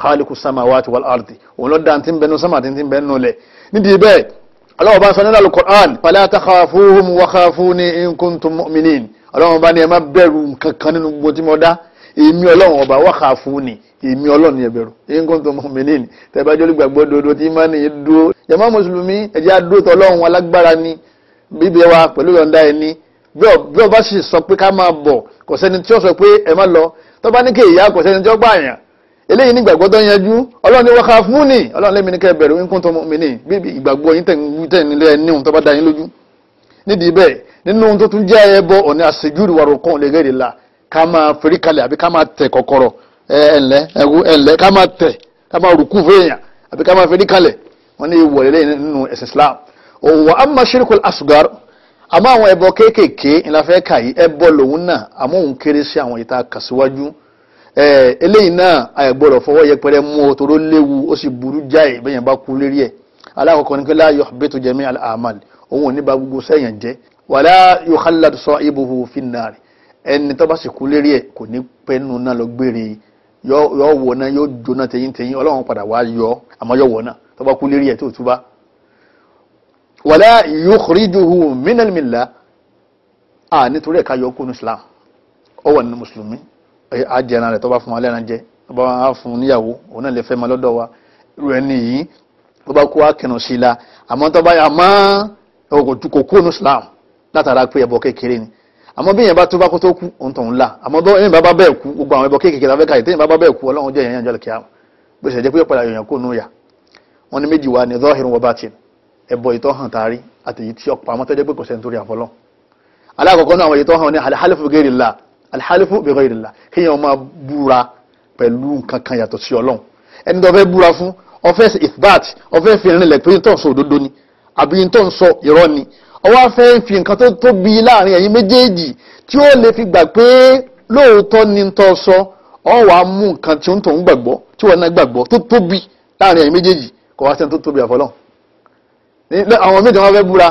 khaliku samawati wal ardi òun ló dá ti ń bẹnu sámà ti ń bẹnu lẹ̀ nídìí bẹ́ẹ̀ ọlọ́wọ́n bá sọ nínú alukur'an fala takhafuhum wa khafuni in kuntum mu'minin ọlọ́wọ́n bá ní èmi ọlọ́run ni ẹ̀bẹ̀rù yín kó tó mọ mẹ́lẹ́ ni tẹ́bá jọ́lú gbàgbọ́ dodo tí má nìyí dúró yàmá mùsùlùmí ẹ̀jẹ̀ àdó tọ́lọ́run alágbára ni bíbẹ̀ wa pẹ̀lú yọ̀ǹda ẹni bí ọba sì sọ pé ká máa bọ̀ kò sẹ́ni tí ó sọ pé ẹ má lọ tọ́ba ní kéèyà kò sẹ́ni tí ó gbà yàn eléyìí ní ìgbàgbọ́ tó yanjú ọlọ́run ni wọ́n ká fún ni ọlọ́run lẹ́mi ní kẹ́ bẹ̀rù yín kó la ká máa ferí kalẹ̀ àbí ẹ̀ẹ́nlẹ́ ẹ̀ẹ́nlẹ́ ká máa tẹ̀ ká máa rùkú fèèyàn àbí ká máa fẹ́ níkàlẹ̀ wọ́n ní ìwọ̀ ilé nínú ẹ̀sìn Islam òwò àmà ṣírkùl asgar àmọ́ àwọn ẹbọ kéékèèké ńláfẹ́ kà yìí ẹbọ lòun náà àmọ́ òun kéré sí àwọn ìta kàṣíwájú eléyìí náà àìgbọ́dọ̀ fọwọ́ yẹpẹrẹ mú o toró léwu ó sì burú jáì bẹ́yẹn bá kú lérí ẹ̀ alákọ̀ọ́kọ́ ni pé la yuhbitu jami' al-amal òun ò ní ba gbogbo sẹ́yìn jẹ́ wala yukhalladu sahibuhu fin nar ẹni tó bá sì kú lérí ẹ̀ kò ní pẹ́nu náà lọ gbére yìí yọ wọ náà yóò jóná tẹ̀yìn tẹ̀yìn ọlọ́run padà wá yọ àmọ́ yọ wọ náà tó bá kú lérí ẹ̀ tó túbá wàlá yukhrijuhu minal millah à nítorí ẹ̀ka yọ kó nu islam ó wà nínú mùsùlùmí àjẹ ẹran rẹ̀ tó bá fún wa lẹ́ran jẹ tó bá wà fún níyàwó òun náà lè fẹ́ ma lọ́dọ̀ wa irú ẹni yìí kú wa sí la àmọ́ tó yà má kò kó nu islam látara pé ẹbọ kékeré ni àmọ́ bí èèyàn bá tó bá kó tó kú òun tó ń la àmọ́ bí èèyàn bá bẹ́ẹ̀ kú gbogbo àwọn ẹbọ kéékèèké la fẹ́ káyè téèyàn bá bẹ́ẹ̀ kú ọlọ́run jẹ́ èèyàn jọlọ́kẹ́ àwọn bó ṣe jẹ́ pé ọ̀pọ̀lọpọ̀ èèyàn kò núyà wọ́n ní méjì wá ní zọ́hìrún wọ́n bá ti ìtọ́ hàn tààrí àti èyí tí ọ̀pọ̀ àmọ́ tẹ́jẹ́ pé kò sẹ́ni torí àfọlọ́ alhalifu bighayrilla alhalifu bighayrilla kéèyàn máa búra pẹ̀lú nǹkan kan yàtọ̀ sí ọlọ́run ẹni tó fẹ́ búra fún ó fẹ́ ṣe ithbat ó ọwọ́ fẹ́ fi nǹkan tó tóbi láàrin ẹ̀yin méjèèjì tí ó lè fi gbà pé lóòótọ́ ni tó sọ ọ wà á mú nǹkan tí ó ń tòun gbàgbọ́ tí wọ́n náà gbàgbọ́ tó tóbi láàrin ẹ̀yin méjèèjì kò wá sẹ́ni tó tóbi àfọlọ́n àwọn méjì wọn fẹ́ búra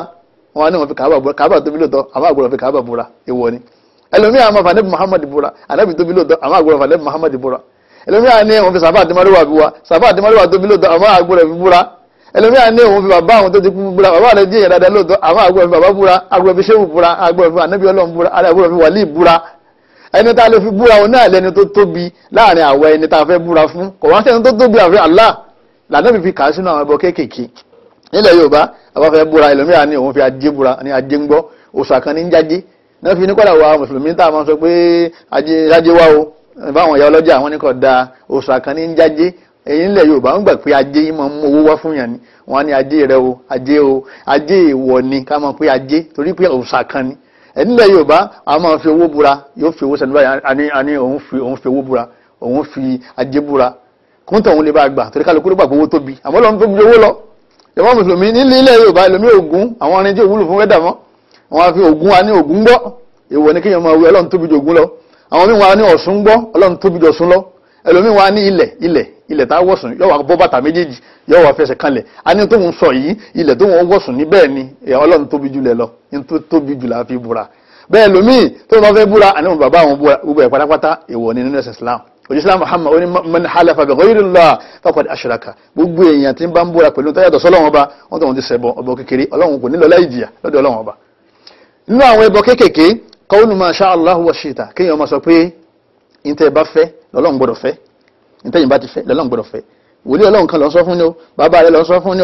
wọn ní wọn fi kàábà búra kàábà tóbi lóòótọ́ àwọn àgbọ̀rọ̀ fi kàábà búra èèwọ̀ ni ẹlòmíà àwọn afa nẹ́bí Muhammad búra ànábì tóbi ní ẹlòmíà ní òun fi bàbá àwọn tó ti kú búra bàbá rẹ̀ díẹ̀ dáadáa lóòótọ́ àwọn àgbọ̀ fi bàbá búra àgbọ̀ fi ṣéwù búra àgbọ̀ fi ànábì ọlọ́run búra àgbọ̀ fi wàlíì búra ẹni tá a lè fi búra òun náà lẹni tó tóbi láàrin àwa ẹni tá a fẹ́ búra fún kò wá sẹ́ni tó tóbi àfi Allah lànàbì fi kà á sínú àwọn ẹbọ kéékèèké nílẹ̀ Yorùbá àwa fẹ́ búra ẹlòmíà ní òun fi ajé búra ní ajé ń gbọ́ òòṣà kan ní èyí ńlẹ̀ yorùbá ń gbà pé ajé yìí máa ń mú owó wá fún yàn ni wọ́n á ní ajé rẹ o ajé o ajé ìwọ ni ká máa pé ajé torí pé òòṣà kan ni ẹni ńlẹ̀ yorùbá a máa fi owó búra yóò fi owó sẹ́nu báyìí a ní òun fi òun fi owó búra òun fi ajé búra kúntà òun lè bá gbà torí kálukú ló gbà pé owó tóbi àmọ́ lọ́n tó gbé owó lọ ìwọ́n mùsùlùmí nílé ilẹ̀ yorùbá ìlòmí ògún àwọn arìnrìn tí òwúlò fún ẹlòmíín wa ní ilẹ̀ ilẹ̀ ilẹ̀ tá a wọ̀sùn yóò wá bọ́ bàtà méjèèjì yóò wá fẹsẹ̀ kanlẹ̀ a ní tóun sọ yìí ilẹ̀ tóun wọ̀sùn ní bẹ́ẹ̀ ni ọlọ́run tóbi jù lẹ̀ lọ ní tó tóbi jù láàfin búra bẹ́ẹ̀ lòmíì tóun bá fẹ́ búra àní bàbá àwọn gbogbo ẹ̀ pátápátá èèwọ̀ ni nínú ẹ̀sìn Islam òjísílá Muhammad oní man halafa bi ghayri Allah faqad ashraka gbogbo èèyàn tí ń bá ń búra pẹ̀lú tó yàtọ̀ sọ́lọ́wọ́n ọba wọ́n tó wọn ti ṣẹbọ ọbọ kékeré ọlọ́run kò nílò láì jìyà lọ́dọ̀ ọlọ́run ọba nínú àwọn ẹbọ kéékèèké qawlu ma sha Allahu wa kéèyàn ọmọ sọ pé ìtẹ́ bá fẹ́ lọ́lọ́run gbọ́dọ̀ fẹ́ nítẹ̀yìn bá ti fẹ́ lọ́lọ́run gbọ́dọ̀ fẹ́ wòlíì ọlọ́run kan lọ sọ fún ni o bàbá rẹ lọ sọ fún ni o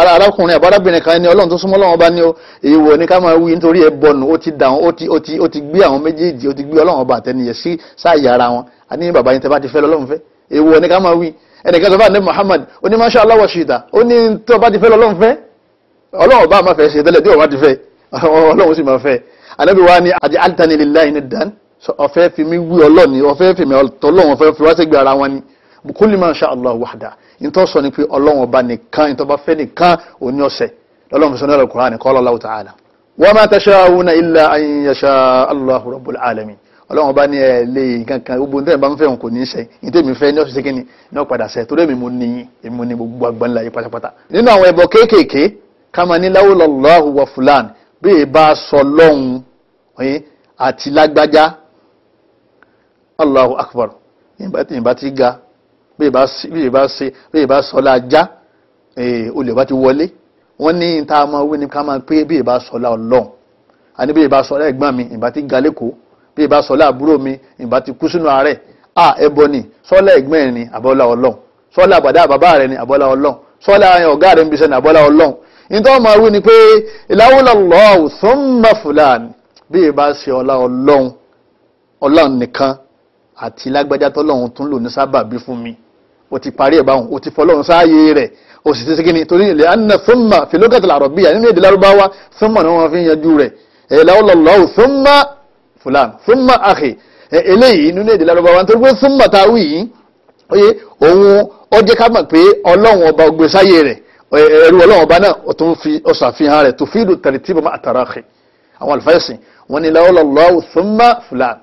ara arákùnrin àbárabìnrin kan ni ọlọ́run tó súnmọ́ ọlọ́run ọba ni o èèwọ̀ ni ká máa wí nítorí ẹ bọ̀nù ó ti dà ó ti ó ti ó ti gbé àwọn méjèèjì ó ti gbé ọlọ́run ọba àtẹnìyẹ sí sáàyè ara wọn àní bàbá yẹn tẹ bá ti fẹ́ lọ́lọ́run fẹ́ èèwọ̀ ni ká máa wí ẹnìkan tó bá ní Muhammad ó ní masha Allah ó ní tó bá ti fẹ́ lọ́lọ́run fẹ́ ọlọ́run bá máa fẹ́ <laughs> ọ̀fẹ́ fi mi wí ọlọ́ni ọ̀fẹ́ fi mi ọlọ́run ọ̀fẹ́ fi wá sẹ́gbẹ̀ ara wọn ni kúlì máa ń ṣá allah wahda ìtọ́ sọ ni pé ọlọ́run ọba nìkan ìtọ́ bá fẹ́ nìkan òní ọ̀sẹ̀ lọ́lọ́run sọ ní al-Qur'an qala Allahu ta'ala wa ma tasha'una illa an yasha Allahu rabbul alamin ọlọ́run ọba ní ẹ lè kankan gbogbo nítorí bá ń fẹ́ wọn kò ní í ṣe nítorí mi fẹ́ ní ọ̀sẹ̀ kí ni ní ọ̀padà ṣe torí èmi mo ní Allahu akbar ìbá ti ga bí ìbá sọlá ajá eh, olè bá ti wọlé wọ́n ní ìta ọmọ owó ní ká máa pé bí ìbá sọlá ọlọ́run àní bí ìbá sọlá ẹ̀gbọ́n mi ìbá ti ga lẹ́kọ̀ọ́ bí ìbá sọlá àbúrò mi ìbá ti kú sínú àárẹ̀ à ẹbọ ni sọlá ẹ̀gbọ́n ẹ̀ ni àbọ́lá ọlọ́run sọlá àbàdá bàbá rẹ̀ ni àbọ́lá ọlọ́run sọlá ọ̀gá rẹ̀ ń bisẹ́ ni ọlọ́run ìtọ́ àti lágbájá tọ́lọ́run tún lò ní sábàbí fún mi o ti parí ẹ̀ báwọn o ti fọlọ́run sáàyè rẹ̀ o sì ti ṣe kíni torí ilẹ̀ anna thumma filokatil arabiya nínú èdè lárúbáwá thumma ni wọ́n fi yanjú rẹ̀ ẹ̀ láwọ́lọ́lọ́wọ́ thumma fulan thumma akhi ẹ̀ eléyìí nínú èdè lárúbáwá nítorí pé thumma táwí yìí oye òun ó jẹ́ ká mọ̀ pé ọlọ́run ọba ògbé sáyé rẹ̀ ẹ̀rú ọlọ́run ọba náà ó tún fi ọ̀sàfihàn rẹ̀ tó fídù tẹ̀rẹ̀tìbọ̀ àtàràkì àwọn àlùfáà ẹ̀sìn wọn ni láwọ́lọ́lọ́wọ́ thumma fulan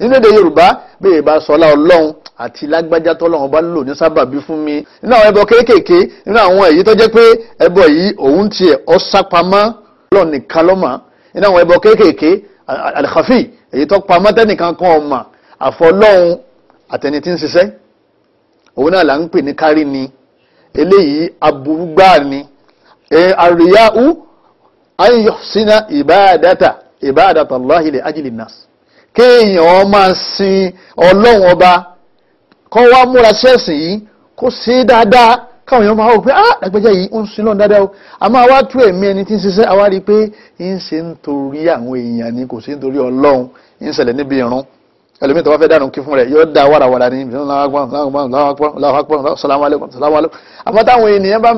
nínú èdè yorùbá bí èyí bá sọlá ọlọ́run àti lágbájá tọ́lọ́run bá lò ní sábàbí fún mi nínú àwọn ẹbọ kéékèèké nínú àwọn èyí tó jẹ́ pé ẹbọ yìí òun tiẹ̀ ọ́ sápamọ́ ọlọ́run nìkan lọ́mọ nínú àwọn ẹbọ kéékèèké àlìkàfì èyí tó pamọ́ tẹ́nìkan kan ọmọ àfọlọ́run àtẹni tí ń ṣiṣẹ́ òun náà là ń pè ní kárí ni eléyìí aburú gbáà ni àríyá ú ayọ̀ sínú ìbáàdàtà ìbáàdàtà Allahi li ajli kéèyàn máa sin ọlọ́run ọba kọ́ wá múra sẹ́sìn yìí kó ṣe é dáadáa káwọn èèyàn máa wò pé ah lágbẹ́jẹ́ yìí ó ń sin lọ́run dáadáa o àmọ́ àwa tú ẹ̀mí ẹni tí ń ṣiṣẹ́ àwa rí i pé ń ṣe nítorí àwọn èèyàn ni kò ṣe nítorí ọlọ́run ń ṣẹlẹ̀ níbi ìrun ẹlòmíì tó bá fẹ́ dànù kí fún rẹ̀ yóò da wàràwàrà ní ìbílẹ̀ láwàpọ̀ àmọ́ táwọn ènìyàn bá ń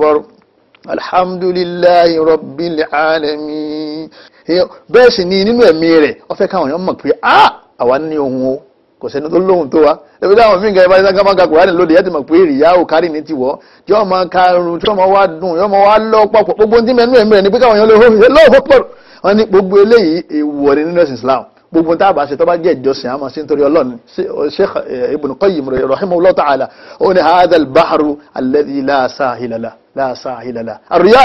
bẹ alhamdulilayi rabbil alamin bẹ́ẹ̀ sì ni nínú ẹ̀mí rẹ̀ ó fẹ́ káwọn èèyàn mọ̀ pé ah àwa ní ohun o kò sẹ́ni tó lóhun tó wa ẹbí táwọn mí nǹkan ìbáraẹni sáká máa ka kùránì lóde yẹn ti mọ̀ pé ìrìyà ò kárí ní tiwọ́ tí wọ́n máa ka irun tí wọ́n máa wá dùn tí wọ́n máa wá lọ papọ̀ gbogbo ní mẹ́nu ẹ̀mí rẹ̀ ni pé káwọn èèyàn lóhun ṣe lóhun pọ̀ wọn ni gbogbo eléyìí èèwọ̀ ni nínú ẹ̀sìn Islam gbogbo tá a ṣe tó jẹ́ ìjọsìn àmọ́ sí nítorí Ọlọ́run Sheikh eh, Ibn Qayyim rahimahullah ta'ala ó bahru alladhi la sahila lahu láàṣà àhìlàlà àríyá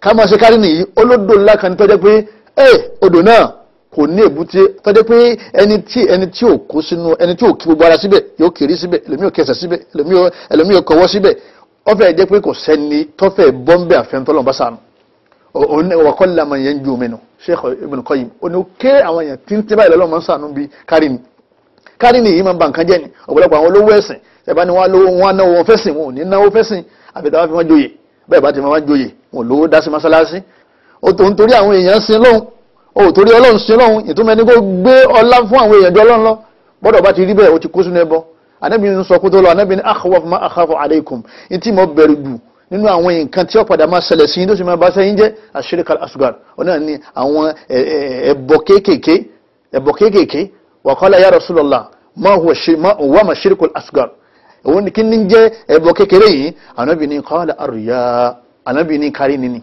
ká máa ṣe kárí nìyí olódò ńlá kan tọ́jẹ́ pé ẹ̀ odò náà kò ní èbúté tọ́jẹ́ pé ẹni tí ẹni tí ò kó sínú ẹni tí ò kí gbogbo ara síbẹ̀ yóò kéré síbẹ̀ ẹlòmíì ò kẹsẹ̀ síbẹ̀ ẹlòmíì ò kọwọ́ síbẹ̀ ọ̀fẹ́ jẹ́ pé kò sẹ́ni tọ́fẹ́ bọ́m̀bẹ́ àfẹ́ntọ́lọ́ bá sànù wàkọ́lá ma yẹn Sheikh Ibn Qayyim o ní ké àwọn èèyàn tí ń tẹ́ báyìí lọ́lọ́ máa ń sànú bí kárìmì kárìmì yìí máa ń ba nǹkan jẹ́ ni àfi táwa fi wọ́n joyè bẹ́ẹ̀ bá ti wọ́n joyè wọn lówó dá sí mọ́sálásí ó tó ń torí àwọn èèyàn sin lóhun ó torí ọlọ́run sin lóhun ìtumọ̀ ẹni kó gbé ọlá fún àwọn èèyàn jọ ọlọ́run lọ bọ́dọ̀ bá ti rí bẹ́ẹ̀ ó ti kó sínú ẹbọ anábì ń sọ kó tó lọ anábì ní akhwaf ma akhafu alaykum ní tí mo bẹ̀rù jù nínú àwọn nǹkan tí ó máa ṣẹlẹ̀ sí tó sì máa bá sẹ́yìn jẹ́ ashirikal asgar òun kí ni jẹ́ ẹbọ kékeré yìí ànábì ní kọ́lá àrùyá ànábì ní kárí nínú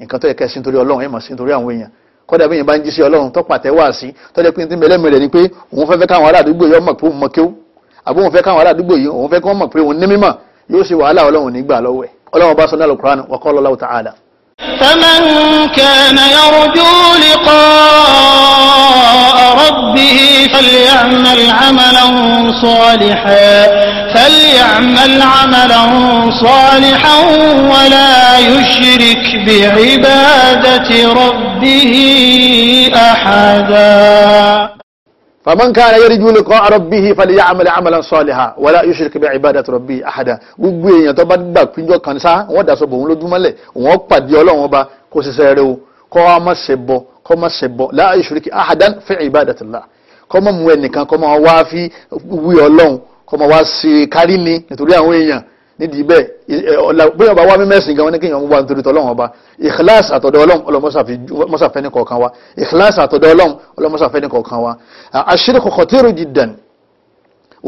nǹkan tó yẹ kẹ́ sí nítorí ọlọ́run ẹ̀ mà sí nítorí àwọn èèyàn kọ́dà bíyìn bá ń jí sí ọlọ́run tó pàtẹ́ wá sí tọ́jọ́ pé tí mẹlẹ́mẹ̀ rẹ̀ ni pé òun fẹ́ fẹ́ káwọn ará àdúgbò yìí ọmọ pé òun mọ kéwú àbí òun fẹ́ káwọn ará yìí òun fẹ́ kí wọ́n mọ̀ pé òun ní mímọ̀ yóò ṣe wàhálà ọlọ́run nígbà lọ́wọ́ ọlọ́run bá sọ ní alukuraani wa qala Allahu فمن كان يرجو لقاء ربه فليعمل عملا صالحا فليعمل عملا صالحا ولا يشرك بعبادة ربه أحدا فمن كان يرجو لقاء ربه فليعمل عملا صالحا ولا يشرك بعبادة ربه أحدا gbogbo èèyàn tó bá gbà pínjọ kan sá wọn dàsọ bò wọn lójúmọlẹ wọn pàdé Ọlọ́run ọba kó ṣiṣẹ rẹ o kó má ṣe bọ kó má ṣe bọ la yushriki ahadan fi ibadatillah kó má mú ẹnìkan kó má wá fi wí Ọlọ́run kó má wá ṣe kárí ni nítorí àwọn èèyàn nídìí bẹ́ẹ̀ ọ̀la bóyá ọba wa mímẹ́sìn gan ni kéèyàn wá nítorí tọ́lọ́wọ́n ọba ìkíláàsì àtọ̀dọ̀ ọlọ́run ọlọ́mọsàfẹ́ni kọ̀ọ̀kan wa ìkíláàsì àtọ̀dọ̀ ọlọ́run ọlọ́mọsàfẹ́ni kọ̀ọ̀kan wa àṣírìkù khatiru jiddan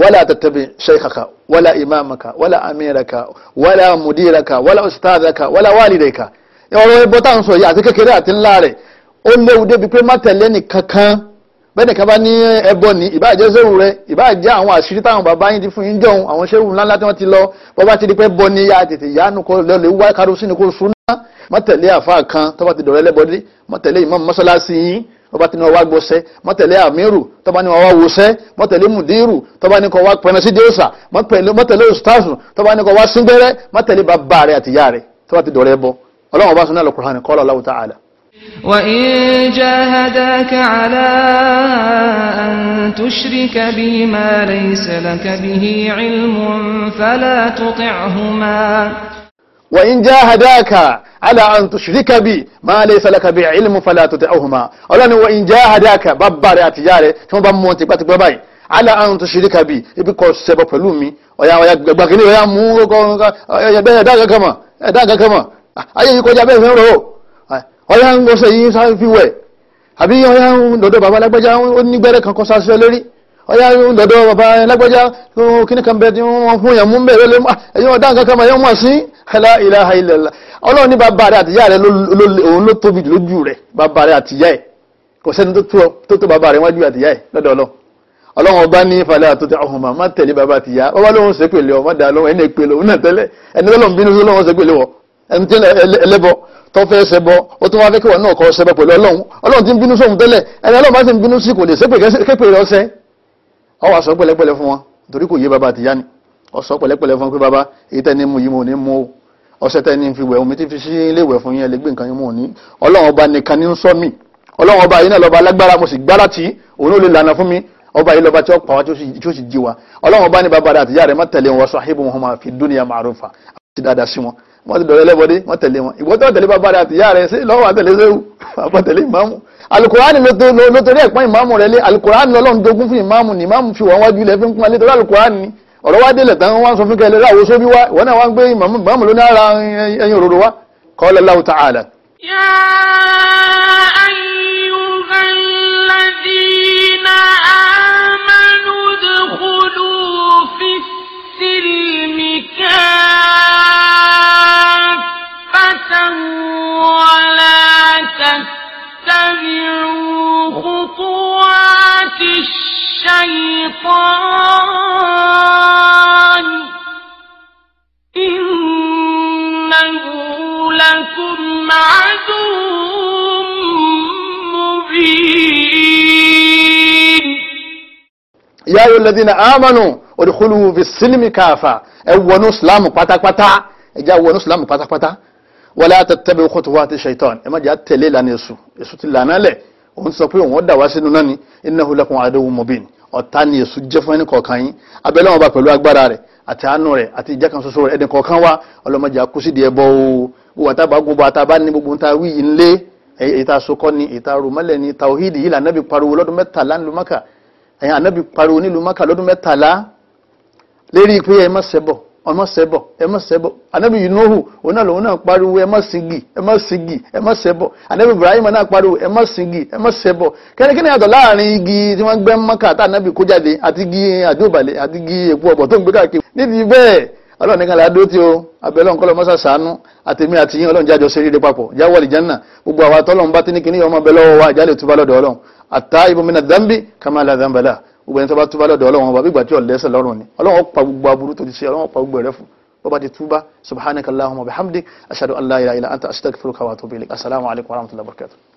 wala tattabi shaykhaka wala imamaka wala amiraka wala mudiraka wala ustadaka wala walidayka ọ̀rọ̀ ẹbọ táwọn sọ yìí àti kékeré àti ńlá rẹ̀ bẹ́ẹ̀ nìkan bá ní ẹbọ ní ìbáàjẹ́ sẹ́wù rẹ ìbáàjẹ́ àwọn àṣírí táwọn bàbá yín ti fún yín jọ̀hún àwọn sẹ́wù ńláńlá tí wọ́n ti lọ bọ́bá ti di pé bọ́ ní ya tètè yánu kọ́ lọ́lẹ̀ wá karosínì kó súná mọ́tẹ̀lé àfa kan tọ́ba ti dọ̀rẹ́ lẹ́bọ̀dé mọ́tẹ̀lé ìmọ̀ mọ́sálásí yín bọ́bá ti ní wọ́n wá gbọ́sẹ́ mọ́tẹ̀lé àmírù tọ́ba ní wọ́n wá wòsẹ́ mọ́tẹ̀lé mùdírù tọ́ba ní kọ́ wá وإن جاهداك على أن تشرك بي ما ليس لك به علم فلا تطعهما وإن جاهداك على أن تشرك بي ما ليس لك به علم فلا تطعهما ọlọ́ni وإن جاهداك bàbá rẹ̀ àti ìyá rẹ̀ tí wọ́n bá mú ọtí pátí gbọ́ báyìí على أن تشرك بي ibi kò ṣẹbọ pẹ̀lú mi ọ̀yà ọ̀yà gbàgbé ní ọ̀yà mú ọ̀yà ẹ̀dá kankan mọ̀ ẹ̀dá kankan mọ̀ ayé yìí kọjá bẹ́ẹ̀ fẹ́ rọ̀ ọ̀yá ń wọṣẹ́ yìí sáré fi wẹ̀ àbí ọ̀yá ń lọ́dọ̀ bàbá lágbájá ó ní gbẹ́rẹ́ kan kọ́ sásẹ́ lórí ọ̀yá ń lọ́dọ̀ bàbá lágbájá kíní kan bẹ tí wọ́n fún yàn mú bẹ́ẹ̀ lé ah, ẹ̀yìn ọ̀dá nǹkan kan mà yẹn wọ́n sí la ilaha illallah ọlọ́run ní bàbá rẹ̀ àtìyá rẹ̀ òun ló tóbi lójú rẹ̀ bàbá rẹ̀ àtìyá ẹ̀ kò sẹ́ni tó tó bàbá rẹ̀ wájú àtìyá ẹ̀ lọ́dọ̀ ọlọ́run ọlọ́run ọba ní falẹ́ àtúntẹ̀ ọ̀hùnmá má tẹ̀lé bàbá àtìyá bàbá lóhun ṣépèlé ọ má dà lóhun ẹni èpèlé òun náà tẹ́lẹ̀ ẹni lọ́lọ́run bínú lọ́lọ́run ṣépèlé wọ̀ ẹni tí ẹlẹ́bọ tó fẹ́ ṣẹbọ ó tún wá fẹ́ kí wọn náà kọ́ ṣẹbọ pẹ̀lú ọlọ́run ọlọ́run ti ń bínú sóhun tẹ́lẹ̀ ẹni ọlọ́run bá ti ń bínú sí kò lè ṣépè képè rẹ ọsẹ ọ wà sọ pẹ̀lẹ́pẹ̀lẹ́ fún wọn torí kò yé bàbá àtìyá ni ọ sọ pẹ̀lẹ́pẹ̀lẹ́ fún wọn pé bàbá èyí tẹ́ ni mu yìí mo ní mu o ọṣẹ tẹ́ ni fi wẹ̀ omi tí fi sí ilé ìwẹ̀ fún yín ẹ lè gbé nǹkan yín mu ò ní ọlọ́run ọba nìkan ní ń sọ mí ọlọ́run ọba yìí náà lọ́ba alágbára mo sì gbára tí òun ò lè lànà fún mi ọba yìí lọ́ba tí ó pa wá tí ó sì jí wa ọlọ́run ọba ní bàbá àtìyá rẹ̀ má tẹ̀lé wọn sọ àhíbù wọn fi dúnìyà màrúfà àti dáadáa sí wọn wọ́n ti dọ̀rẹ́ lẹ́bọ̀dé wọ́n tẹ̀lé wọn ìwọ tó tẹ̀lé bàbá rẹ̀ àti ìyá rẹ̀ sí lọ́wọ́ àtẹ̀lé sẹ́wù <laughs> àbọ̀ tẹ̀lé ìmáàmù alukurani ló torí ẹ̀pọ́n ìmáàmù rẹ̀ lé alukurani lọ́lọ́run dogun fún ìmáàmù ni ìmáàmù fi wọ́n wájú ilẹ̀ fi kún alẹ́ torí alukurani ọ̀rọ̀ wá délẹ̀ tán wọ́n sọ fún kẹlẹ́ ráwo sóbi wá ìwọ náà wọ́n gbé ìmáàmù ló ara ẹyin òróró wá qala Allahu ta'ala. ya ayyuhal ladhina amanu udkhulu fi silmi kaa. ولا تتبعوا خطوات الشيطان إنه لكم عدو مبين يا أيها الذين آمنوا ادخلوا في السلم كافة ẹ wọnú islam pátápátá ẹ já wọnú islam pátápátá wala tattabi'u khutuwati shaitan ẹ má jẹ́ àtẹ̀lé ìlànà èṣù èṣù ti lànà lẹ̀ òun sọ pé òun ọ̀dà wá sínú náà ni innahu lakum aduwwun mubin ọ̀tá ni èṣù jẹ́ fún ẹni kọ̀ọ̀kan yín abẹ́lẹ́ wọn bá pẹ̀lú agbára rẹ̀ àti àánú rẹ̀ àti ìjà kan ṣoṣo rẹ̀ ẹni kọ̀ọ̀kan wá ọlọ́mọdé àkúsí di ẹbọ o wà tá a bá gbogbo àtàbá ní gbogbo ta wí yìí ńlé ìta sokọ́ ni ìta rùmọ́lẹ̀ ni tàwíìdì yìí lànàbí pariwo lọ́dún mẹ́tàlá nílùú maka ẹ̀yìn ànàbí pariwo nílùú maka lọ́dún mẹ́tàlá lérí pé ẹ má ṣẹbọ ọmọ sẹ́bọ̀ ẹmọ sẹ́bọ̀ anabi yunuhu ọ̀nà lòun náà pariwo ẹmọ sigi ẹmọ sigi ẹmọ sẹ́bọ̀ anabi ibrahim náà pariwo ẹmọ sigi ẹmọ sẹ́bọ̀ kẹ́nikẹ́ni yàtọ̀ láàrin igi tí wọ́n gbẹ́ mọ́kà tá anabi kó jáde àti igi àjọbalẹ̀ àti igi èpo ọ̀bọ̀ tó ń gbé káàkiri nídìí bẹ́ẹ̀ ọlọ́run nìkan ládó tí o abẹ́ ọlọ́run kọ́lọ́ mọ́sá sànú àtẹ̀mí àti yín ọlọ́run jájọ sí rere papọ̀ jáwọ́ àlìjánná gbogbo àwa tọ́lọ́run bá tí ní kíní ọmọ abẹ́ lọ́wọ́ wa ìjálè túbá gbogbo ẹni tó bá túbá lọ́dọ̀ ọlọ́run ọba gbígbà tí ò lẹ́sẹ̀ lọ́rùn ni ọlọ́run pa gbogbo aburú tó ti ṣe ọlọ́run pa gbogbo ẹ̀rẹ́ fún bó bá ti túbá subhanahu subhanakallahumma bihamdik ashhadu an la ilaha illa anta astaghfiruka wa atubu ilaik assalamu wa warahmatullahi wabarakatuh